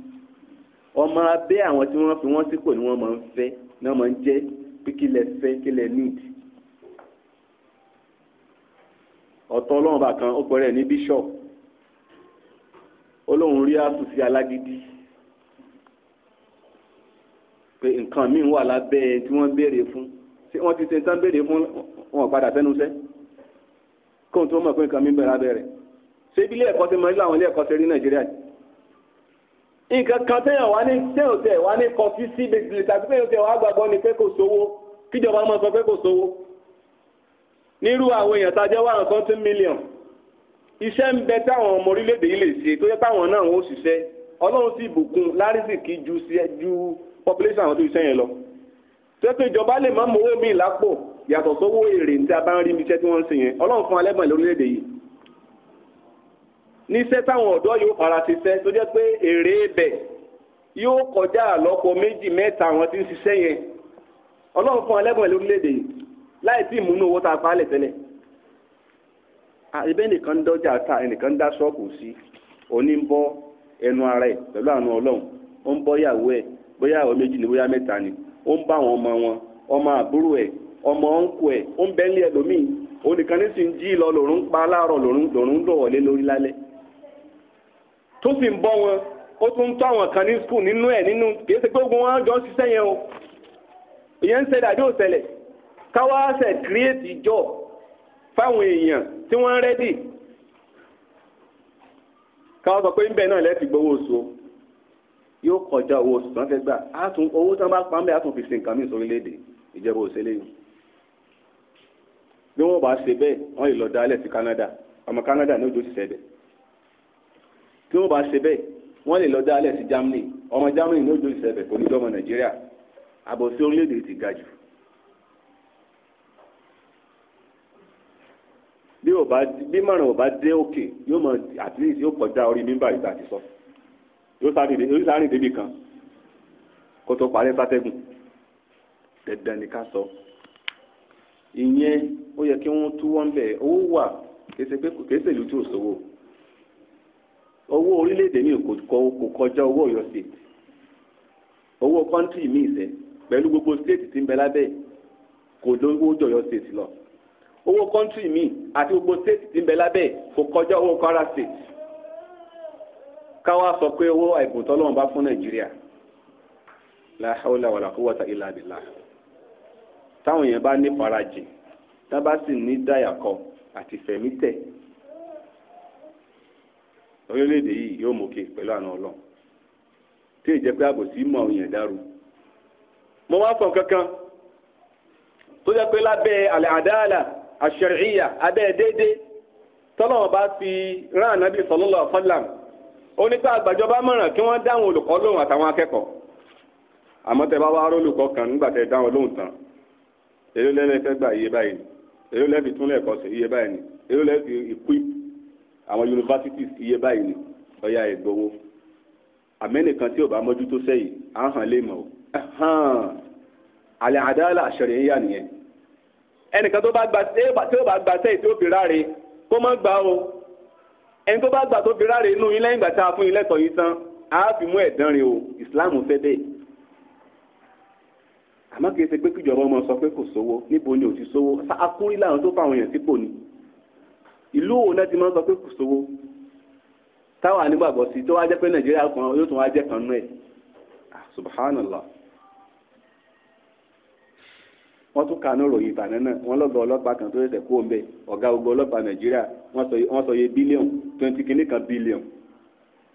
ọmọ abẹ́ àwọn tí wọ́n fi wọ́n sípò ni wọ́n máa ń fẹ́ ni wọ́n máa ń jẹ́ pé kí lẹ fẹ́ kí lẹ níìdì ọ̀tọ̀ ọlọ́run bá kan ó pẹ̀rẹ̀ ní bíṣọ̀pù olóhùn rí àtúnṣe alágídí pé nǹkan míì wà lábẹ́ ẹ tí wọ́n béèrè fún ṣé wọ́n ti ṣe nǹkan béèrè fún wọn padà fẹ́nu sẹ́ kóhun tó mọ̀ pé nǹkan míì bẹ̀rẹ̀ abẹ́rẹ́ ṣé ibi ilé ẹ̀kọ́ ti mọ ilé àwọn ilé ẹ̀kọ́ ti rí Nàìjíríà yìí nǹkan kan téèyàn wá ní téèyàn tẹ̀ wá ní kọfí sí bèbèrè tàbí téèyàn tẹ̀ wá gbàgbọ́ ni pé kò sówó kíjọba máa sọ pé kò sówó nírú àwọn èèyàn tá a jẹ́ one hundred and twenty million iṣẹ́ ń bẹ táwọn ọmọ orílẹ̀-èdè yìí lè ṣe tó yẹ káwọn náà ó ṣiṣẹ́ ọlọ́run sì bùkún lárísìkí ju ju population àwọn tó ṣiṣẹ́ yẹn lọ tẹ́tọ́ ìjọba lè má mọ owó mi lápò yàtọ̀ sówó èrè tí a bá ń rí mi iṣẹ́ tí wọ́n ń ṣe yẹn ọlọ́run fún alẹ́gbọ̀n lórílẹ̀‐èdè yìí níṣẹ́ táwọn ọ̀dọ́ yóò fara ṣiṣẹ́ tó jẹ́ pé èrè ibẹ̀ yóò kọjá àlọ́pọ̀ méjì mẹ́ta àwọn tí ń ṣiṣẹ́ yẹn ọlọ́run fún alẹ́gbọ̀n lórílẹ̀‐èdè yìí láì tí ìmúnú owó tá a pa á lẹ̀ tẹ́lẹ̀ a ah, nìkan ń dọ́jà ta ẹnìkan ń dá ṣọ́ọ̀bù sí òní ń bọ́ ẹnu ara ẹ̀ pẹ̀lú àánú ọlọ́run ó ń bọ́ ìyàwó ẹ̀ bóyá àwọn méjì ni bóyá mẹ́ta ni ó ń bá àwọn ọmọ wọn ọmọ àbúrò ẹ̀ ọmọ ọ̀nkù ẹ̀ ó ń bẹ́ńlẹ̀ ẹlòmíì onìkan ní sì ń jí lọ lòrún pa láàárọ̀ lòrún lòrún dọ̀wọ́lé lórí lálẹ́ tó sì ń bọ́ wọn ó tún ń tọ́ àwọn kan ní skul nínú ẹ̀ nínú pé wọn jọ ń ṣiṣẹ́ yẹn o ìyẹn ń ṣẹlẹ̀ àbí ṣẹlẹ̀ kírẹ́ẹ̀tì jọ fáwọn èèyàn tí wọ́n rẹ́dì káwọn sọ pé ń bẹ̀ náà lẹ́ẹ̀tì gbowó oṣù o yóò kọjá owó oṣù tó ń fẹ́ gbà owó tí wọ́n bá pa ń bẹ̀ á tún fi sin nǹkan mí sórílẹ̀-èdè ìjọba òṣèlú yìí bí wọ́n bá ṣe bẹ́ẹ̀ wọ́n lè lọ dálẹ̀ sí Canada ọmọ Canada ní ojú ṣiṣẹ́ bẹ̀ tí wọ́n bá ṣe bẹ́ẹ̀ wọ́n lè lọ dálẹ̀ sí Germany ọmọ Germany ní ojú ṣiṣẹ́ bẹ̀ kò ní dọ́mọ Nàìjíríà àbòsí orílẹ̀-èdè ti ga jù bí ò bá bí mọ̀ràn ò bá dé òkè yóò mọ at least yóò kọjá orí mímbà ìgbà àti sọ yóò sáré yóò sáré débi kan kó tó parí sátẹ́gùn dandan ni ká sọ ìyẹn ó yẹ kí wọ́n tú wọ́n bẹ̀ owó wà kéésè lójú òṣòwò owó orílẹ̀-èdè mi kò kọjá owó Ọ̀yọ́ state owó kọ́ńtì mi ìsẹ̀ pẹ̀lú gbogbo state tí ń bẹ lábẹ́ kò lówó jọ̀yọ́ state lọ owó kọ́ńtì mi àti gbogbo stéètì tí ń bẹ lábẹ́ kò kọjá owó Kwara state káwá sọ pé owó àìbùn tọ́lọ́wọ́n bá fún Nàìjíríà la hawla wala quwwata illa billah táwọn èèyàn bá ní farajìn tá bá sì ní dàyàkọ àti fẹ̀mítẹ̀ orílẹ̀-èdè yìí yóò mókè pẹ̀lú àna ọlọ́run tí èyí jẹ́ pé àbòsí mọ̀ òyìn ẹ̀dáru mo wá fọ̀ kankan tó jẹ́ pé lábẹ́ àlẹ́ àdáàlà àṣẹríyà abẹ́ déédéé tọ́lọ́wọ́n bá fi rán ànábì sallallahu alaihi wasallam onípa àgbàjọba mọ̀ràn kí wọ́n dáhùn olùkọ́ lóhùn àtàwọn akẹ́kọ̀ọ́ àmọ́ tẹ bá wá rólùkọ́ kan nígbà tẹ dáhùn lóhùn tán èrò lẹ́lẹ́ fẹ́ gbà iye báyìí ni èrò lẹ́bi túnlẹ̀ ẹ̀kọ́ sí iye báyìí ni èrò lẹ́bi equip àwọn universities iye báyìí ni ọ̀ya ìgbowó àmẹ́nìkan tí ò bá mójútó sẹ́yìn à ń mọ̀ ọ́ alẹ́ àdáàlà àṣẹrẹ̀ ń nìyẹn ẹnìkan tó bá gba tí ó bá gba sẹ́yìn tí ó fi ráre kó má gbà o ẹni tó bá gbà tó fi ráre inú yín lẹ́yìn ìgbà a fún yín lẹ́tọ̀ọ́ yìí tán á fi mú ẹ̀dán rè o ìsìláàmù fẹ́ bẹ́ẹ̀ àmọ́ kì í ṣe pé kíjọba ọmọ sọ pé kò sówó níbo ni ò ti sówó akúnrin láwọn tó fáwọn èèyàn sípò ni ìlú òun náà ti máa ń sọ pé kò sówó táwa nígbàgbọ́ sí tó wá jẹ́ pé nàìjíríà kan yóò tún wá jẹ́ kan nú ẹ̀ ah, subhanallah wọ́n tún kà ní ròyìn ìbànú náà wọ́n lọ́gọ̀ ọlọ́pàá kan tó ṣẹ̀ṣẹ̀ kú òǹbẹ ọ̀gá ogun ọlọ́pàá nàìjíríà wọ́n sọ iye bílíọ̀n twenty kìíní kan bílíọ̀n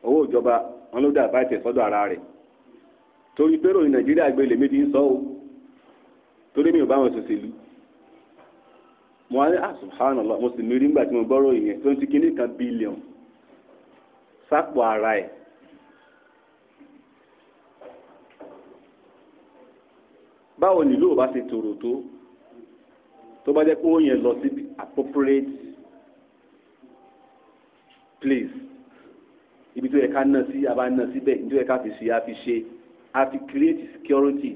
owó ìjọba wọn ló dà báyìí tẹ̀sọ́dọ̀ ara rẹ̀ torí pé ròyìn nàìjíríà gbé lèmi ti ń sọ o torí mi ò bá wọn ṣòṣèlú mo á ní ah, subhanallah mo sì mí rí nígbà tí mo gbọ́ ròyìn yẹn twenty kìíní kan bílíọ̀n sápò ara ẹ̀ báwo nílò bá ti tòrò tó tó bá jẹ́ pé ó yẹn lọ sí appropriate place ibi tó yẹ ká ná sí àbá ná síbẹ̀ nítorí yẹ ká fi ṣe àfi ṣe àfi create security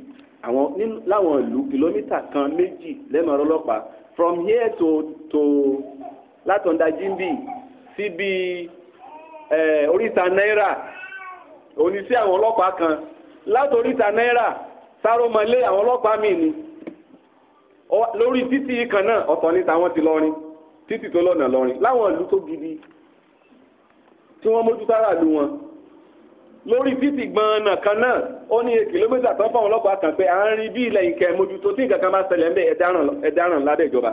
àwọn láwọn ìlú kìlómítà kan méjì lẹ́nu ọ̀rọ̀ ọlọ́pàá from here to to látọ̀ndà jimbi síbi ẹ̀ eh, oríta náírà òní sí àwọn ọlọ́pàá kan látòríta náírà sáròmọlé àwọn ọlọ́pàá mi ni lórí títì kan náà ọ̀tọ̀ ní tàwọn ti lọrin títì tó lọ́nà lọrin láwọn ìlú tó gidi tí wọ́n mójútó aráàlú wọn lórí títì gbọ̀nà kan náà ó ní kìlómítà tán fáwọn ọlọ́pàá kan pé à ń rí bí ilẹ̀ ìkẹ́ mójútó tí nǹkan kan bá ṣẹlẹ̀ ń bẹ ẹ̀dáràn lábẹ́ ìjọba.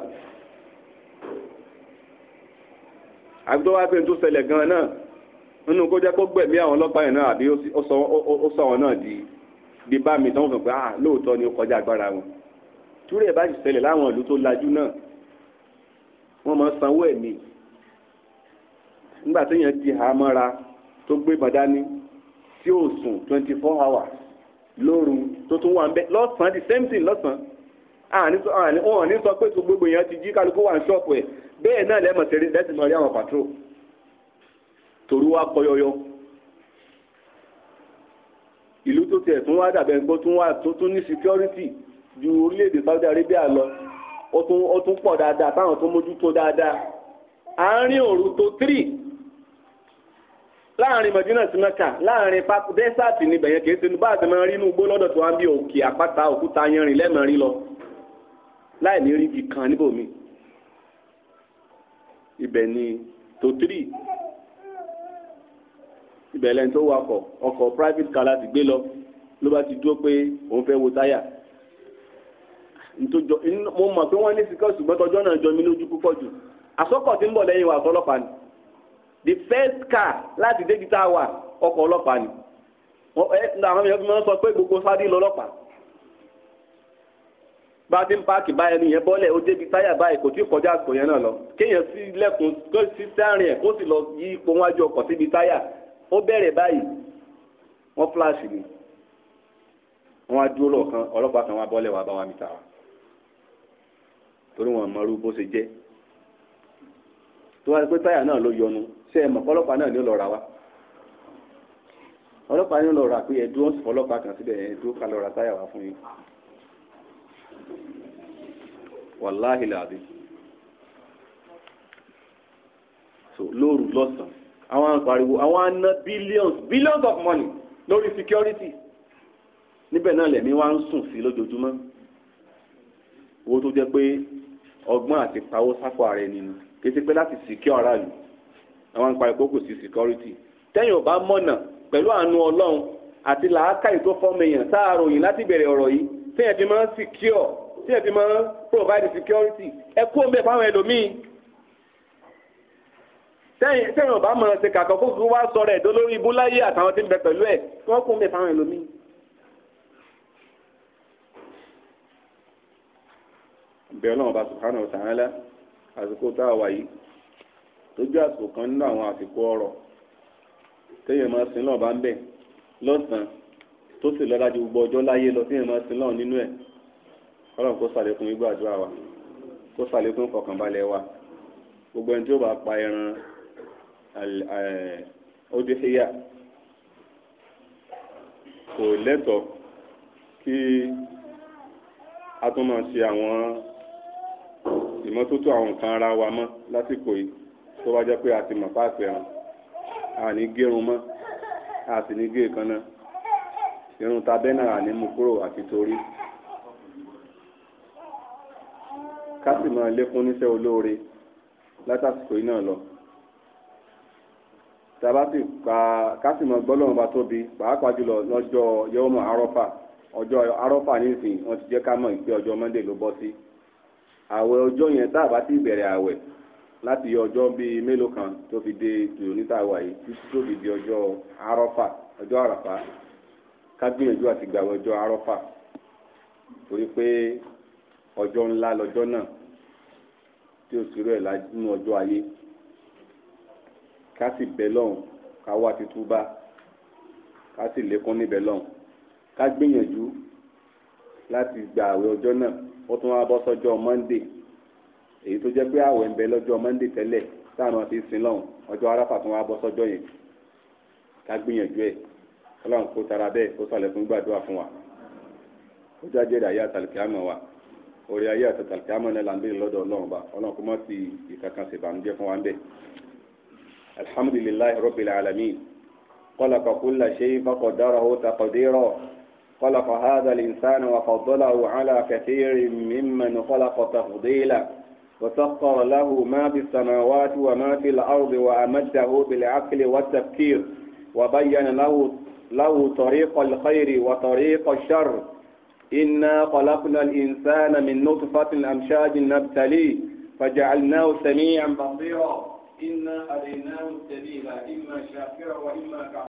àgbẹ̀wò wá pé n tó ṣẹlẹ̀ gan-an náà nínú kó jẹ́ kó gbẹ̀mí àwọn ọlọ́pàá yẹn náà àbí ó sọ àwọn náà di bí bá mi tán fún pé ah lóòótọ́ ni ó kọjá agbára wọn túrẹ̀ bá ti ṣẹlẹ̀ láwọn ìlú tó lajú náà wọ́n máa sanwó ẹ̀mí nígbà téèyàn di ha mọ́ra tó gbé ìbọn dání tí ó sùn twenty four hours lóru tó tún wà ń bẹ lọ́sàn-án the same thing lọ́sàn-án wọn ní sọ pé tó gbogbo èèyàn ti jí kálukú wà ní ṣọ́ọ̀pù ẹ̀ bẹ́ẹ̀ náà lẹ́mọ̀ tẹ̀lé lẹ́sìn mọ́ rí àwọn pàtró torí wá kọyọyọ ìlú tó tiẹ̀ tún wá dàbẹ̀ gbọ́ tún wá tó ní security ju orílẹ̀-èdè Saudi Arabia lọ ó tún ó tún pọ̀ dáadáa táwọn tó mójútó dáadáa àárín òru tó three láàrin Madina sí Mẹ́kà láàrin dẹ́sàtì níbẹ̀ yẹn kìí sinú báàsì máa rí inú igbó lọ́dọ̀ tó wá ń bí òkè àpáta òkúta yanrìn lẹ́ẹ̀mọ́ rí lọ láì ní rí ibi kan níbòmí ibẹ̀ ni tó tírì ibẹ̀ lẹ́ni tó wakọ̀ ọkọ̀ private car láti gbé lọ ló bá ti dúró pé òun fẹ́ wo táyà ntòjọ mo mọ̀ pé wọ́n ní sikọ́ ṣùgbọ́n tọjọ́ náà jọ mí lójú púpọ̀ jù àsọkọ̀ tí ń bọ̀ lẹ́yìn wa ọ̀tọ́lọ́pàá ni the first car láti débi tá a wà ọkọ̀ ọlọ́pàá ni àwọn èèyàn fi máa ń sọ pé gbogbo sáré lọ́lọ́pàá bá a ti ń páàkì báyẹn ni yẹn bọ́lẹ̀ ó débi táyà báyìí kò tí ì kọjá àgbò yẹn náà lọ kéèyàn sí lẹ́kùn sí sáàrin ẹ̀ kó sì lọ yí ipò wájú ọkọ̀ síbi táyà ó bẹ̀rẹ̀ báyìí wọ́n fúláṣì ni wọ́n á dúró lọ́ọ̀kan ọlọ́pàá kan wá bọ́lẹ̀ wá bá wa mi ta wa torí wọn mọ irú bó ṣe jẹ́ tó wá pé táyà náà ló yọnu ṣé ẹ mọ̀ ọlọ́pàá náà ni ó lọ ra wa ọlọ́pàá ni ó lọ rà pé ẹ dúró ọlọ́pàá kan síbẹ̀ ẹ dúró ká lọ táyà wá fún yín wàláhìlà àbí so lóru lọ́sàn-án àwọn àpariwo àwọn aná billions billions of money lórí security níbẹ̀ náà lẹ̀mí wá ń sùn sí lójoojúmọ́ owó tó jẹ́ pé ọgbọ́n àti pawó sápò ààrẹ nínú kì í ṣe pé láti secure aráàlú àwọn àpariwo kò sí security tẹ́yìn ò bá mọ̀nà pẹ̀lú àánú ọlọ́run àti làákàyè tó fọ́mọ èèyàn tá a ròyìn láti bẹ̀rẹ̀ ọ̀rọ̀ yìí tẹ́yìn fi máa ń secure tẹ́yìn fi máa ń provide security ẹ kú omi ẹ̀ fáwọn ẹlòmíín sẹ́yìn sẹ́yìn ọba mọ̀ràn ṣe kàkọ́ kó kó wá sọ̀rọ̀ ẹ̀dọ́ lórí ibú láyé àtàwọn tí ń bẹ pẹ̀lú ẹ̀ wọ́n kún fáwọn ẹlòmíì. ọlọ́run ọba subhanahu wa àsìkò tá a wà kan nínú àwọn àsìkò ọ̀rọ̀ téèyàn máa sin lọ́ọ̀ ń bẹ̀ lọ́sàn-án tó sì ju gbogbo ọjọ́ láyé lọ sin lọ́ọ̀ nínú ẹ̀ ọlọ́run kó ṣàlékún gbígbàdúrà wa kó ṣàlékún ìfọkànbalẹ̀ wa gbogbo ẹni tí ó bá pa ọdíhíyà eh, kò lẹ́tọ̀ọ́ kí a tún máa ṣe àwọn ìmọ́tótó àwọn nǹkan ara wa mọ́ lásìkò yìí tó bá jẹ́ pé a ti mọ̀ páàpì ẹ̀rùn a ní gérun mọ́ a sì ní gé èékánná irun tabẹ́ náà ní mú kúrò àti torí ká sì máa lékún níṣẹ́ olóore látàsìkò yìí náà lọ tàbá sì ka kásìmọ̀ gbọ́lọ́run bá tóbi pàápàá jùlọ lọ́jọ́ yẹ́wọ́mọ̀ arọ́fà ọjọ́ arọ́fà nísìnyí wọ́n ti jẹ́ ká mọ̀ pé ọjọ́ mọ́ndé ló bọ́ sí àwẹ̀ ọjọ́ yẹn tá a bá ti bẹ̀rẹ̀ àwẹ̀ láti ọjọ́ bíi mélòó kan tó fi dé tòyò níta wà yìí títí tó di ọjọ́ arọ́fà ọjọ́ àràfà ká gbìyànjú àti gbàwẹ̀ ọjọ́ torí pé ọjọ́ ńlá lọ́jọ́ náà tí ó sì rẹ̀ nínú ọjọ́ ayé Kasi sì bẹ lọ́hùn ká wá títúbà ká sì lékún níbẹ̀ lọ́hùn ká gbìyànjú láti gba àwẹ̀ ọjọ́ náà wọ́n tún wá bọ́ sọ́jọ́ Monday èyí tó jẹ́ pé àwẹ̀ ń bẹ lọ́jọ́ Monday tẹ́lẹ̀ táwọn àti sin lọ́hùn ọjọ́ aráfà tún wá bọ́ sọ́jọ́ yẹn ká gbìyànjú ẹ̀ ọlọ́run kó tara bẹ́ẹ̀ kó sọ̀lẹ̀ fún gbàdúrà fún wa ó jáde ayé àtàlùkì àmọ́ wa orí ayé àtàlùkì àmọ́ náà là ń béèrè lọ́dọ̀ ọlọ́run bá ọlọ́run kó má ti ìkankan ṣèbànújẹ́ fún wa ń bẹ̀. الحمد لله رب العالمين خلق كل شيء فقدره تقديرا خلق هذا الإنسان وفضله على كثير ممن خلق تفضيلا وسخر له ما في السماوات وما في الأرض وأمده بالعقل والتفكير وبين له له طريق الخير وطريق الشر إنا خلقنا الإنسان من نطفة أمشاج نبتليه فجعلناه سميعا بصيرا إنا هديناه السبيل إما شاكرا وإما كفورا